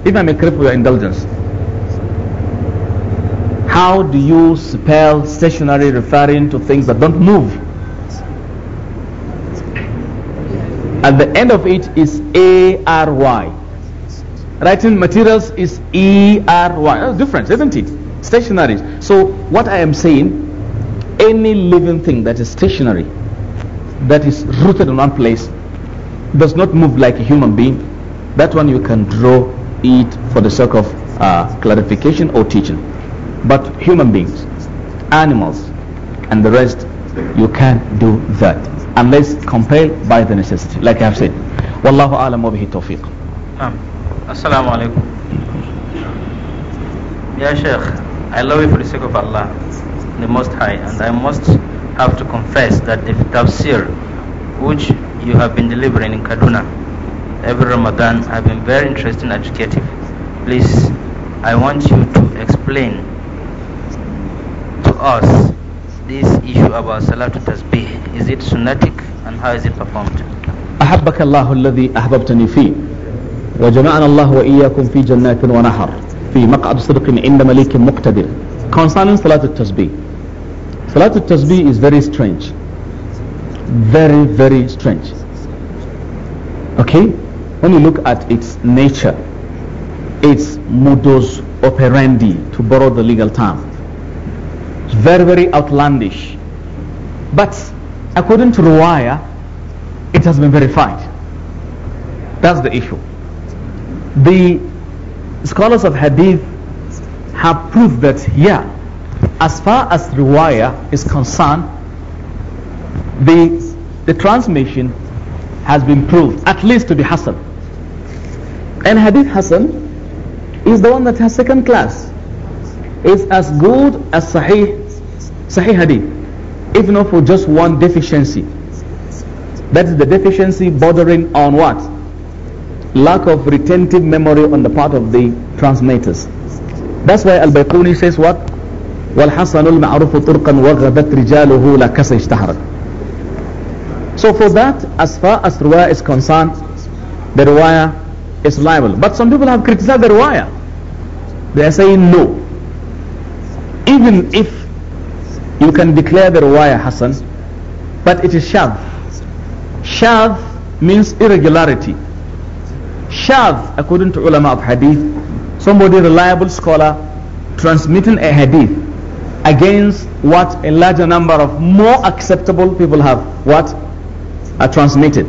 If I may crave for your indulgence. How do you spell stationary referring to things that don't move? At the end of it is A-R-Y. Writing materials is E-R-Y. Difference, different, isn't it? Stationaries. So what I am saying, any living thing that is stationary, that is rooted in one place, does not move like a human being, that one you can draw it for the sake of uh, clarification or teaching. But human beings, animals, and the rest, you can't do that unless compelled by the necessity, like I have said. Wallahu alam wa bihi tawfiq. Assalamu alaikum. Ya Sheikh. I love you for the sake of Allah, the Most High, and I must have to confess that the tafsir which you have been delivering in Kaduna every Ramadan have been very interesting and educative. Please, I want you to explain to us this issue about Salatul Tasbih. Is it sunnatic and how is it performed? أحبك الله الذي أحببتني فيه وجمعنا الله وإياكم في جنات ونهر في مقعد صدق عند مقتدر concerning Salat al-Tasbih. Salat al-Tasbih is very strange. Very, very strange. Okay? When you look at its nature, its modus operandi, to borrow the legal term, it's very, very outlandish. But according to Ruwaya, it has been verified. That's the issue. The scholars of hadith have proved that yeah as far as riwayah is concerned the the transmission has been proved at least to be hasan and hadith hasan is the one that has second class it's as good as sahih sahih hadith if not for just one deficiency that is the deficiency bordering on what lack of retentive memory on the part of the transmitters. That's why Al-Bayquni says what? وَالْحَسَنُ الْمَعْرُفُ طُرْقًا وَغَبَتْ رِجَالُهُ لَكَسَ اشْتَهَرَتْ So for that, as far as Ruwaya is concerned, the Ruwaya is liable. But some people have criticized the Ruwaya. They are saying no. Even if you can declare the Ruwaya Hassan, but it is Shav. Shav means irregularity. Shav, according to ulama of hadith, somebody reliable scholar transmitting a hadith against what a larger number of more acceptable people have what are transmitted.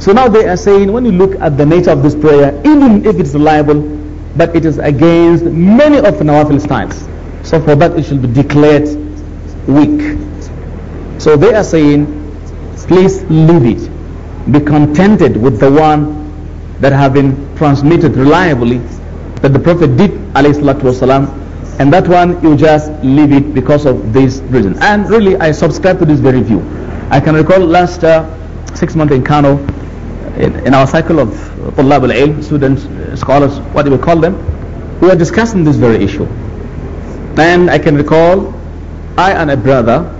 So now they are saying when you look at the nature of this prayer, even if it's reliable, but it is against many of Nawafil styles. So for that it should be declared weak. So they are saying, please leave it. Be contented with the one that have been transmitted reliably that the Prophet did alayhi salatu wasalam and that one you just leave it because of this reason and really I subscribe to this very view I can recall last uh, six months in Kano in, in our cycle of طلاب العلم students uh, scholars what do we call them we were discussing this very issue and I can recall I and a brother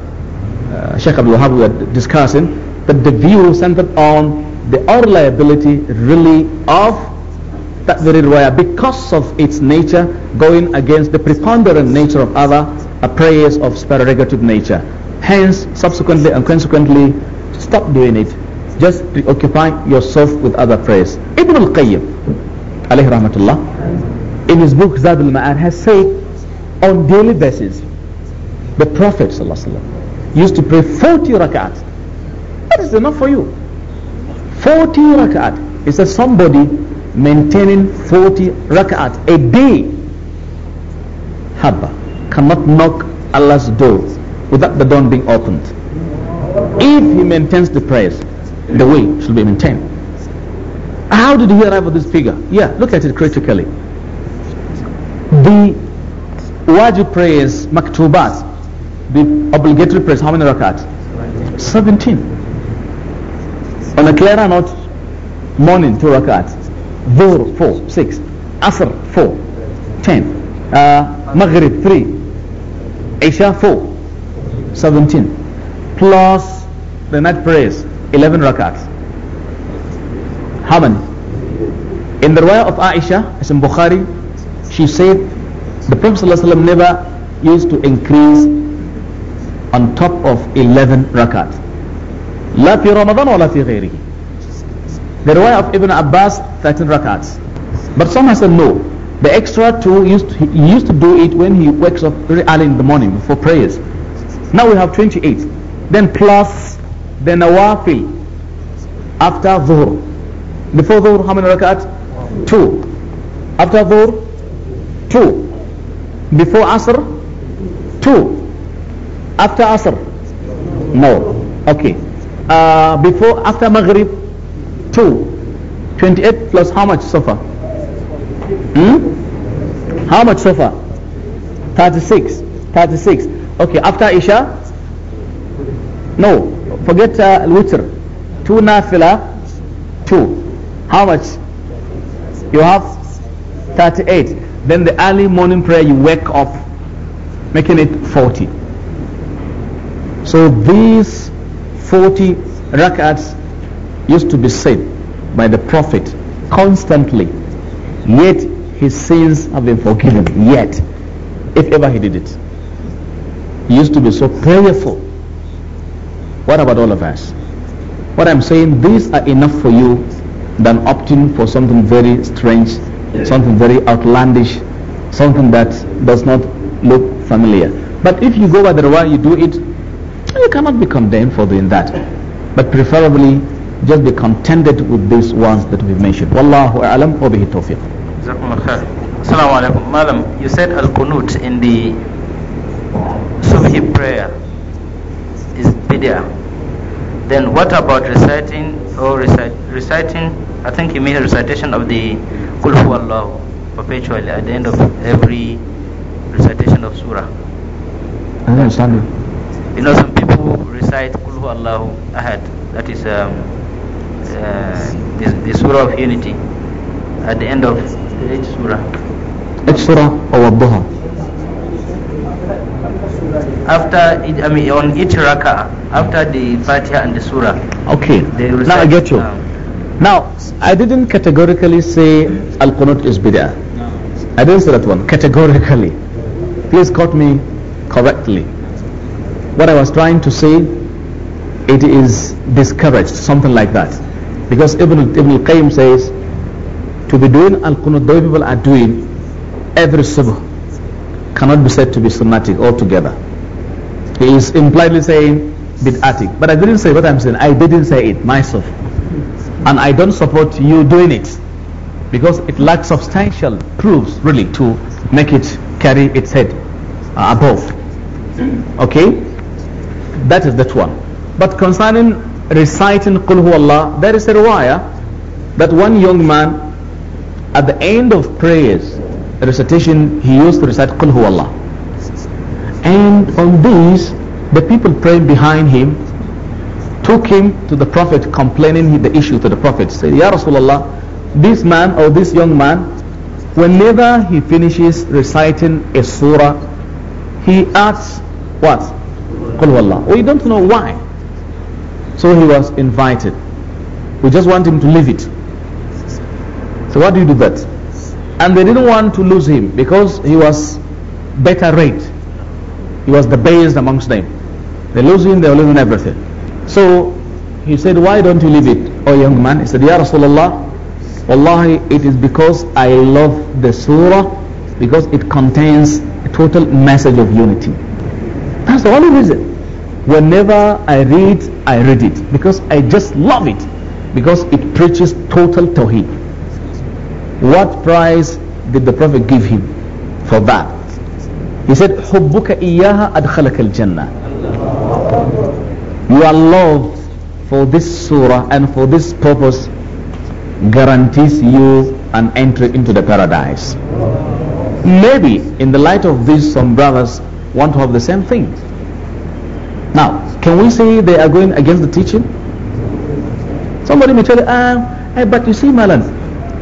uh, Sheikh Abdul Wahab were discussing that the view centered on the our liability really of that very riwayah because of its nature going against the preponderant nature of other prayers of supererogative nature. Hence, subsequently and consequently, stop doing it. Just preoccupy yourself with other prayers. Ibn al-Qayyim, alayhi rahmatullah, in his book Zad al-Ma'an has said on daily basis, the Prophet used to pray 40 rakats. That is enough for you. 40 rak'at. It says somebody maintaining 40 rak'at a day. Habba cannot knock Allah's door without the door being opened. If he maintains the prayers, the way should be maintained. How did he arrive at this figure? Yeah, look at it critically. The wajib prayers, maktubat, the obligatory prayers, how many rakat? 17. On a clearer note, morning two rakat, dhuhr four, six, asr four, ten, uh, maghrib three, isha four, seventeen, plus the night prayers, eleven rakat. How many? In the riwayah of Aisha, as in Bukhari, she said the Prophet ﷺ never used to increase on top of 11 rakats. لا في رمضان ولا في غيره the riwayah of Ibn Abbas 13 rakats but some have said no the extra two used to, he used to do it when he wakes up very early in the morning before prayers now we have 28 then plus the nawafil after dhuhr before dhuhr how many rakats? two after dhuhr two before asr two after asr no okay uh, before after Maghrib? Two. 28 plus how much so far? Hmm? How much so far? 36. 36. Okay, after Isha? No, forget uh, Al-Witr. Two Nafila, two. How much? You have 38. Then the early morning prayer you wake up, making it 40. So these 40 rak'ats used to be said by the Prophet constantly. Yet his sins have been forgiven. Yet, if ever he did it. He used to be so prayerful. What about all of us? What I'm saying, these are enough for you than opting for something very strange, something very outlandish, something that does not look familiar. But if you go by the way you do it, you cannot be condemned for doing that. But preferably, just be contented with these ones that we've mentioned. Wallahu a'lam wa bihi tawfiq. Assalamu alaikum. Madam, you said al kunut in the subhi prayer is bid'ah. Then what about reciting or recite, reciting, I think you mean recitation of the Kul Allah perpetually at the end of every recitation of surah. I don't understand you. You know, some people recite Kulhu Allahu Ahad. That is um, uh, the, the Surah of Unity at the end of each Surah. Each Surah or Duha? After, it, I mean, on each rak'ah, after the Fatiha and the Surah. Okay. Recite, now I get you. Um, now, I didn't categorically say Al Qunut is bid'ah. No. I didn't say that one categorically. Please quote me correctly what I was trying to say, it is discouraged, something like that. Because Ibn, Ibn al-Qayyim says, to be doing al-qunut, the people are doing every subh, cannot be said to be sunnatic altogether. He is impliedly saying bid'atic. But I didn't say what I'm saying. I didn't say it myself. And I don't support you doing it. Because it lacks substantial proofs really to make it carry its head above. Okay? That is that one. But concerning reciting Qul Allah, there is a riwayah that one young man at the end of prayers, recitation, he used to recite Qul Allah. And on this, the people praying behind him took him to the Prophet complaining the issue to the Prophet. Said, Ya Rasulullah, this man or this young man, whenever he finishes reciting a surah, he asks what? Qul Wallah. We don't know why. So he was invited. We just want him to leave it. So why do you do that? And they didn't want to lose him because he was better rate. He was the best amongst them. They lose him, they will lose everything. So he said, why don't you leave it, oh young man? He said, Ya Rasulullah, Wallahi, it is because I love the surah because it contains a total message of unity. That's the only reason. Whenever I read, I read it because I just love it because it preaches total tawheed. What price did the Prophet give him for that? He said, حُبُّكَ إِيَّاهَا أَدْخَلَكَ الْجَنَّةِ Your love for this surah and for this purpose guarantees you an entry into the paradise. Maybe in the light of this, some brothers want to have the same thing. Now, can we say they are going against the teaching? Somebody may tell you, hey, ah, eh, but you see, Malan,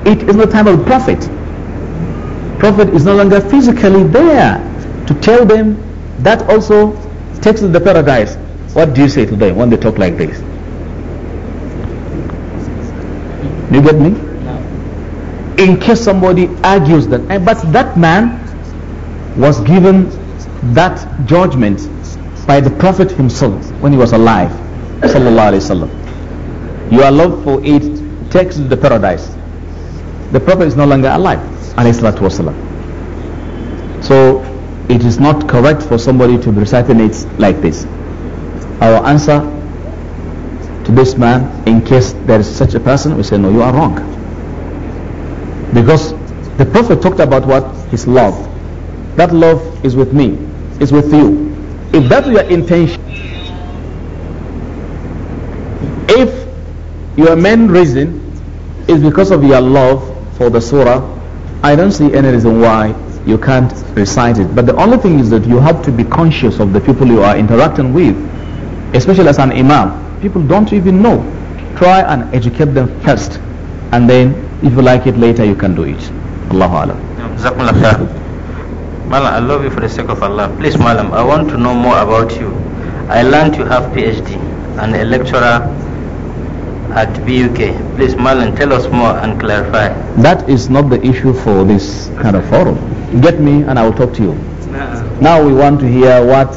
it is not time of the prophet. Prophet is no longer physically there to tell them that also takes the paradise. What do you say to them when they talk like this? You get me? in case somebody argues that eh, but that man was given that judgment by the Prophet himself when he was alive. Your love for it takes you to the paradise. The Prophet is no longer alive. So it is not correct for somebody to be reciting it like this. Our answer to this man, in case there is such a person, we say, no, you are wrong. Because the Prophet talked about what? His love. That love is with me, is with you. If that's your intention, if your main reason is because of your love for the surah, I don't see any reason why you can't recite it. But the only thing is that you have to be conscious of the people you are interacting with, especially as an imam. People don't even know. Try and educate them first, and then if you like it later, you can do it. Allahu Alam. Malam, I love you for the sake of Allah. Please, Malam, I want to know more about you. I learned you have PhD and a lecturer at BUK. Please, Malam, tell us more and clarify. That is not the issue for this kind of forum. Get me and I will talk to you. Now we want to hear what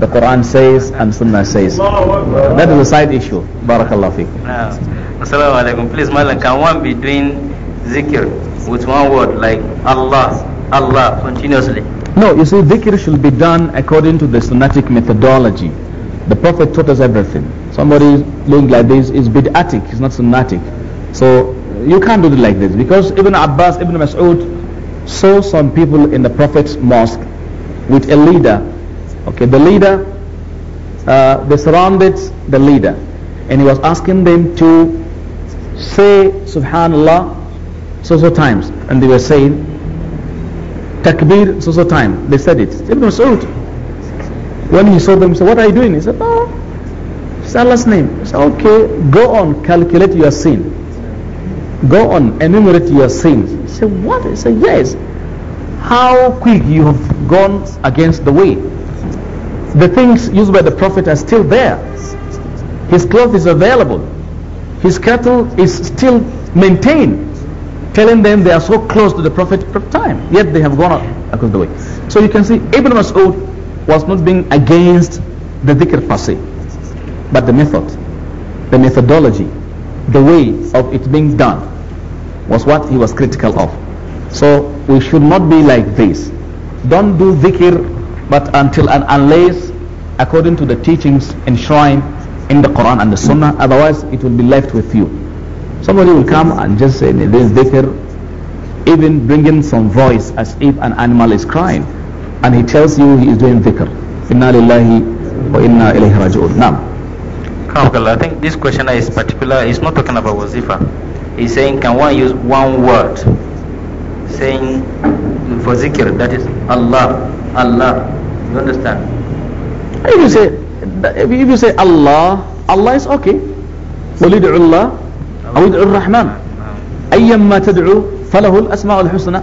the Quran says and Sunnah says. That is a side issue. Barakallah fiqh. Nah. Assalamu alaikum. Please, Malam, can one be doing zikr with one word like Allah? Allah continuously? No, you see, dhikr should be done according to the Sunnatic methodology. The Prophet taught us everything. Somebody doing like this is bid'atic, it's not Sunnatic. So you can't do it like this because Ibn Abbas, Ibn Mas'ud saw some people in the Prophet's mosque with a leader. Okay, the leader, uh, they surrounded the leader and he was asking them to say Subhanallah so so times and they were saying Takbir, so so time. They said it. Ibn Mas'ud, when he saw them, he said, What are you doing? He said, No. Oh, it's Allah's name. He said, Okay, go on, calculate your sin. Go on, enumerate your sins. He said, What? He said, Yes. How quick you have gone against the way. The things used by the Prophet are still there. His cloth is available. His cattle is still maintained telling them they are so close to the of time, yet they have gone out across the way. So you can see Ibn Mas'ud was not being against the dhikr per se, but the method, the methodology, the way of it being done was what he was critical of. So we should not be like this. Don't do dhikr but until and unless according to the teachings enshrined in the Quran and the Sunnah, otherwise it will be left with you. Somebody will come and just say, this dhikr, even bringing some voice as if an animal is crying. And he tells you he is doing dhikr. Inna lillahi wa inna ilayhi raji'un. Now. I think this question is particular, he's not talking about wazifa. He's saying, can one use one word? Saying for zikr, that is Allah, Allah. You understand? If you say, if you say Allah, Allah is okay. Walid Allah, أو ادعوا الرحمن أيما تدعو فله الأسماء الحسنى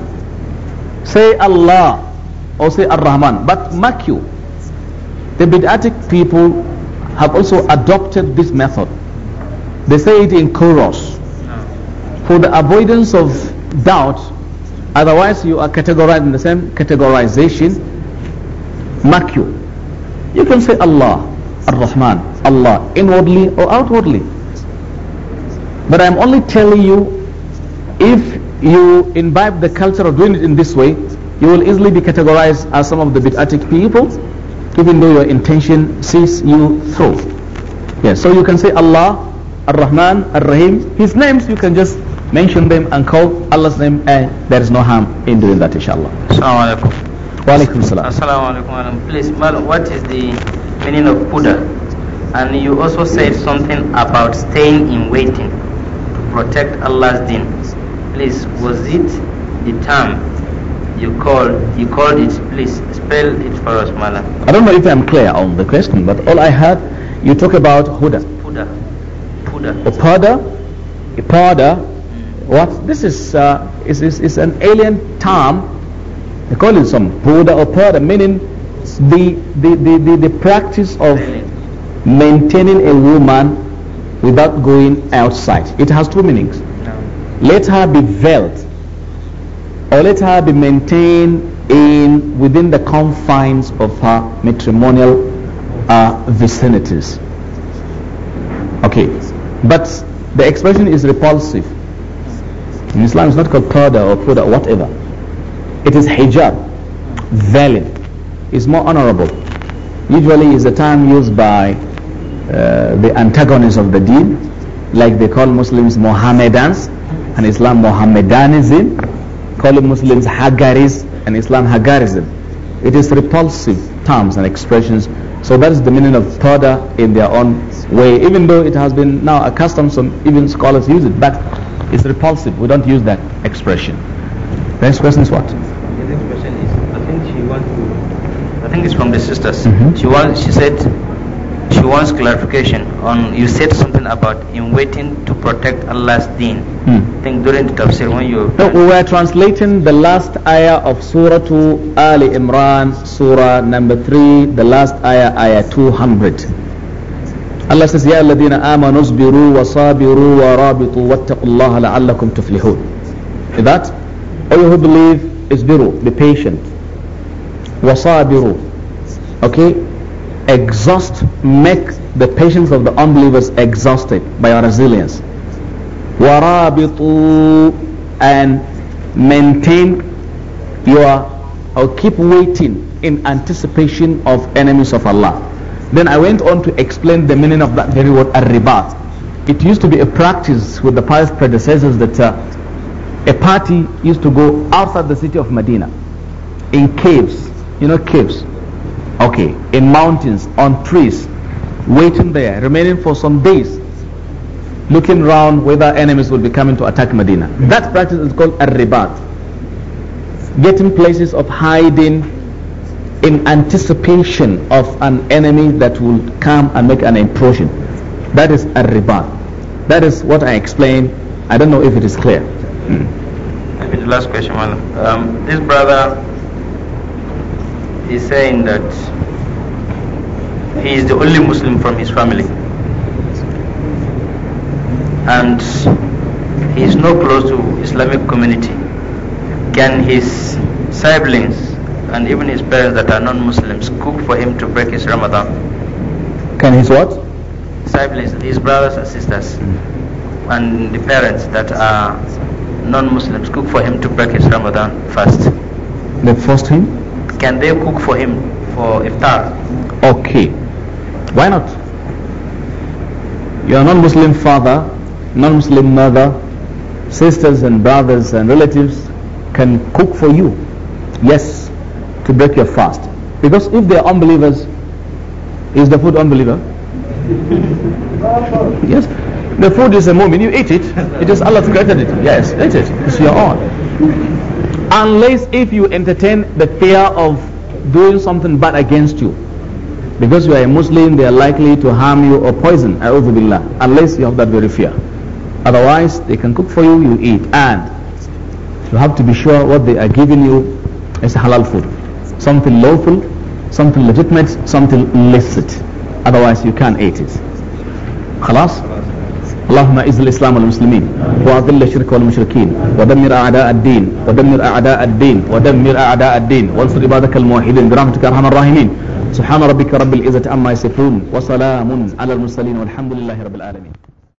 say Allah or say Ar-Rahman but mark you the bid'atic people have also adopted this method they say it in chorus for the avoidance of doubt otherwise you are categorized in the same categorization mark you you can say Allah Ar-Rahman Allah inwardly or outwardly but I'm only telling you, if you imbibe the culture of doing it in this way, you will easily be categorized as some of the bid'atic people, even though your intention sees you through. Yeah, so you can say Allah, Ar-Rahman, Ar-Rahim. His names, you can just mention them and call Allah's name, and there is no harm in doing that, inshallah. Assalamu alaikum. Wa alaikum salam. Assalamu alaikum. Please, Mal, what is the meaning of Buddha? And you also said something about staying in waiting protect Allah's deen. Please, was it the term you called you called it? Please spell it for us, Mala. I don't know if I'm clear on the question, but all I heard you talk about huda. Puda. Puda. Upada. Ipada. Mm. What? This is, uh, is, is is an alien term. They call it some Buddha or Pada, meaning the the, the, the, the practice of maintaining a woman without going outside. It has two meanings. No. Let her be veiled or let her be maintained in within the confines of her matrimonial uh, vicinities. Okay, but the expression is repulsive. In Islam, it's not called qada or quda whatever. It is hijab, veiling. It's more honorable. Usually, it's a term used by uh, the antagonists of the deen, like they call Muslims Mohammedans and Islam Mohammedanism, calling Muslims Hagaris and Islam Hagarism. It is repulsive terms and expressions. So that is the meaning of Tada in their own way, even though it has been now a custom, some even scholars use it, but it's repulsive. We don't use that expression. The next question is what? The next question is, I think she wants to, I think it's from the sisters. Mm -hmm. She wants, she said, she wants clarification on you said something about in waiting to protect Allah's deen. Hmm. I think during the tafsir when you no, we were translating the last ayah of Surah Ali Imran, Surah number three, the last ayah, ayah two hundred. Allah says, يا الذين آمنوا اصبروا وصابروا ورابطوا واتقوا الله لعلكم تفلحون. Is that? All who believe, is isbiru, be patient. wasabiru. Okay? exhaust, make the patience of the unbelievers exhausted by our resilience. وَرَابِطُوا And maintain your, or keep waiting in anticipation of enemies of Allah. Then I went on to explain the meaning of that very word, arribat. It used to be a practice with the pious predecessors that uh, a party used to go outside the city of Medina in caves, you know caves okay, in mountains, on trees, waiting there, remaining for some days, looking around whether enemies will be coming to attack Medina. That practice is called ribat. getting places of hiding in anticipation of an enemy that will come and make an intrusion. That is ribat. That is what I explained. I don't know if it is clear. Mm. Maybe the last question, Um, this brother is saying that he is the only Muslim from his family and he is no close to Islamic community. Can his siblings and even his parents that are non-Muslims cook for him to break his Ramadan? Can his what? Siblings, his brothers and sisters and the parents that are non-Muslims cook for him to break his Ramadan fast. They forced him? can they cook for him for iftar? Okay. Why not? Your non-Muslim father, non-Muslim mother, sisters and brothers and relatives can cook for you. Yes, to break your fast. Because if they are unbelievers, is the food unbeliever? yes. The food is a moment, you eat it. It is Allah created it. Yes, eat it. It's your own unless if you entertain the fear of doing something bad against you. Because you are a Muslim, they are likely to harm you or poison, billah, unless you have that very fear. Otherwise, they can cook for you, you eat. And you have to be sure what they are giving you is halal food. Something lawful, something legitimate, something licit. Otherwise, you can't eat it. خلاص اللهم اعز الاسلام والمسلمين واذل الشرك والمشركين ودمر اعداء الدين ودمر اعداء الدين ودمر اعداء الدين وانصر عبادك الموحدين برحمتك ارحم الراحمين سبحان ربك رب العزه عما يصفون وسلام على المرسلين والحمد لله رب العالمين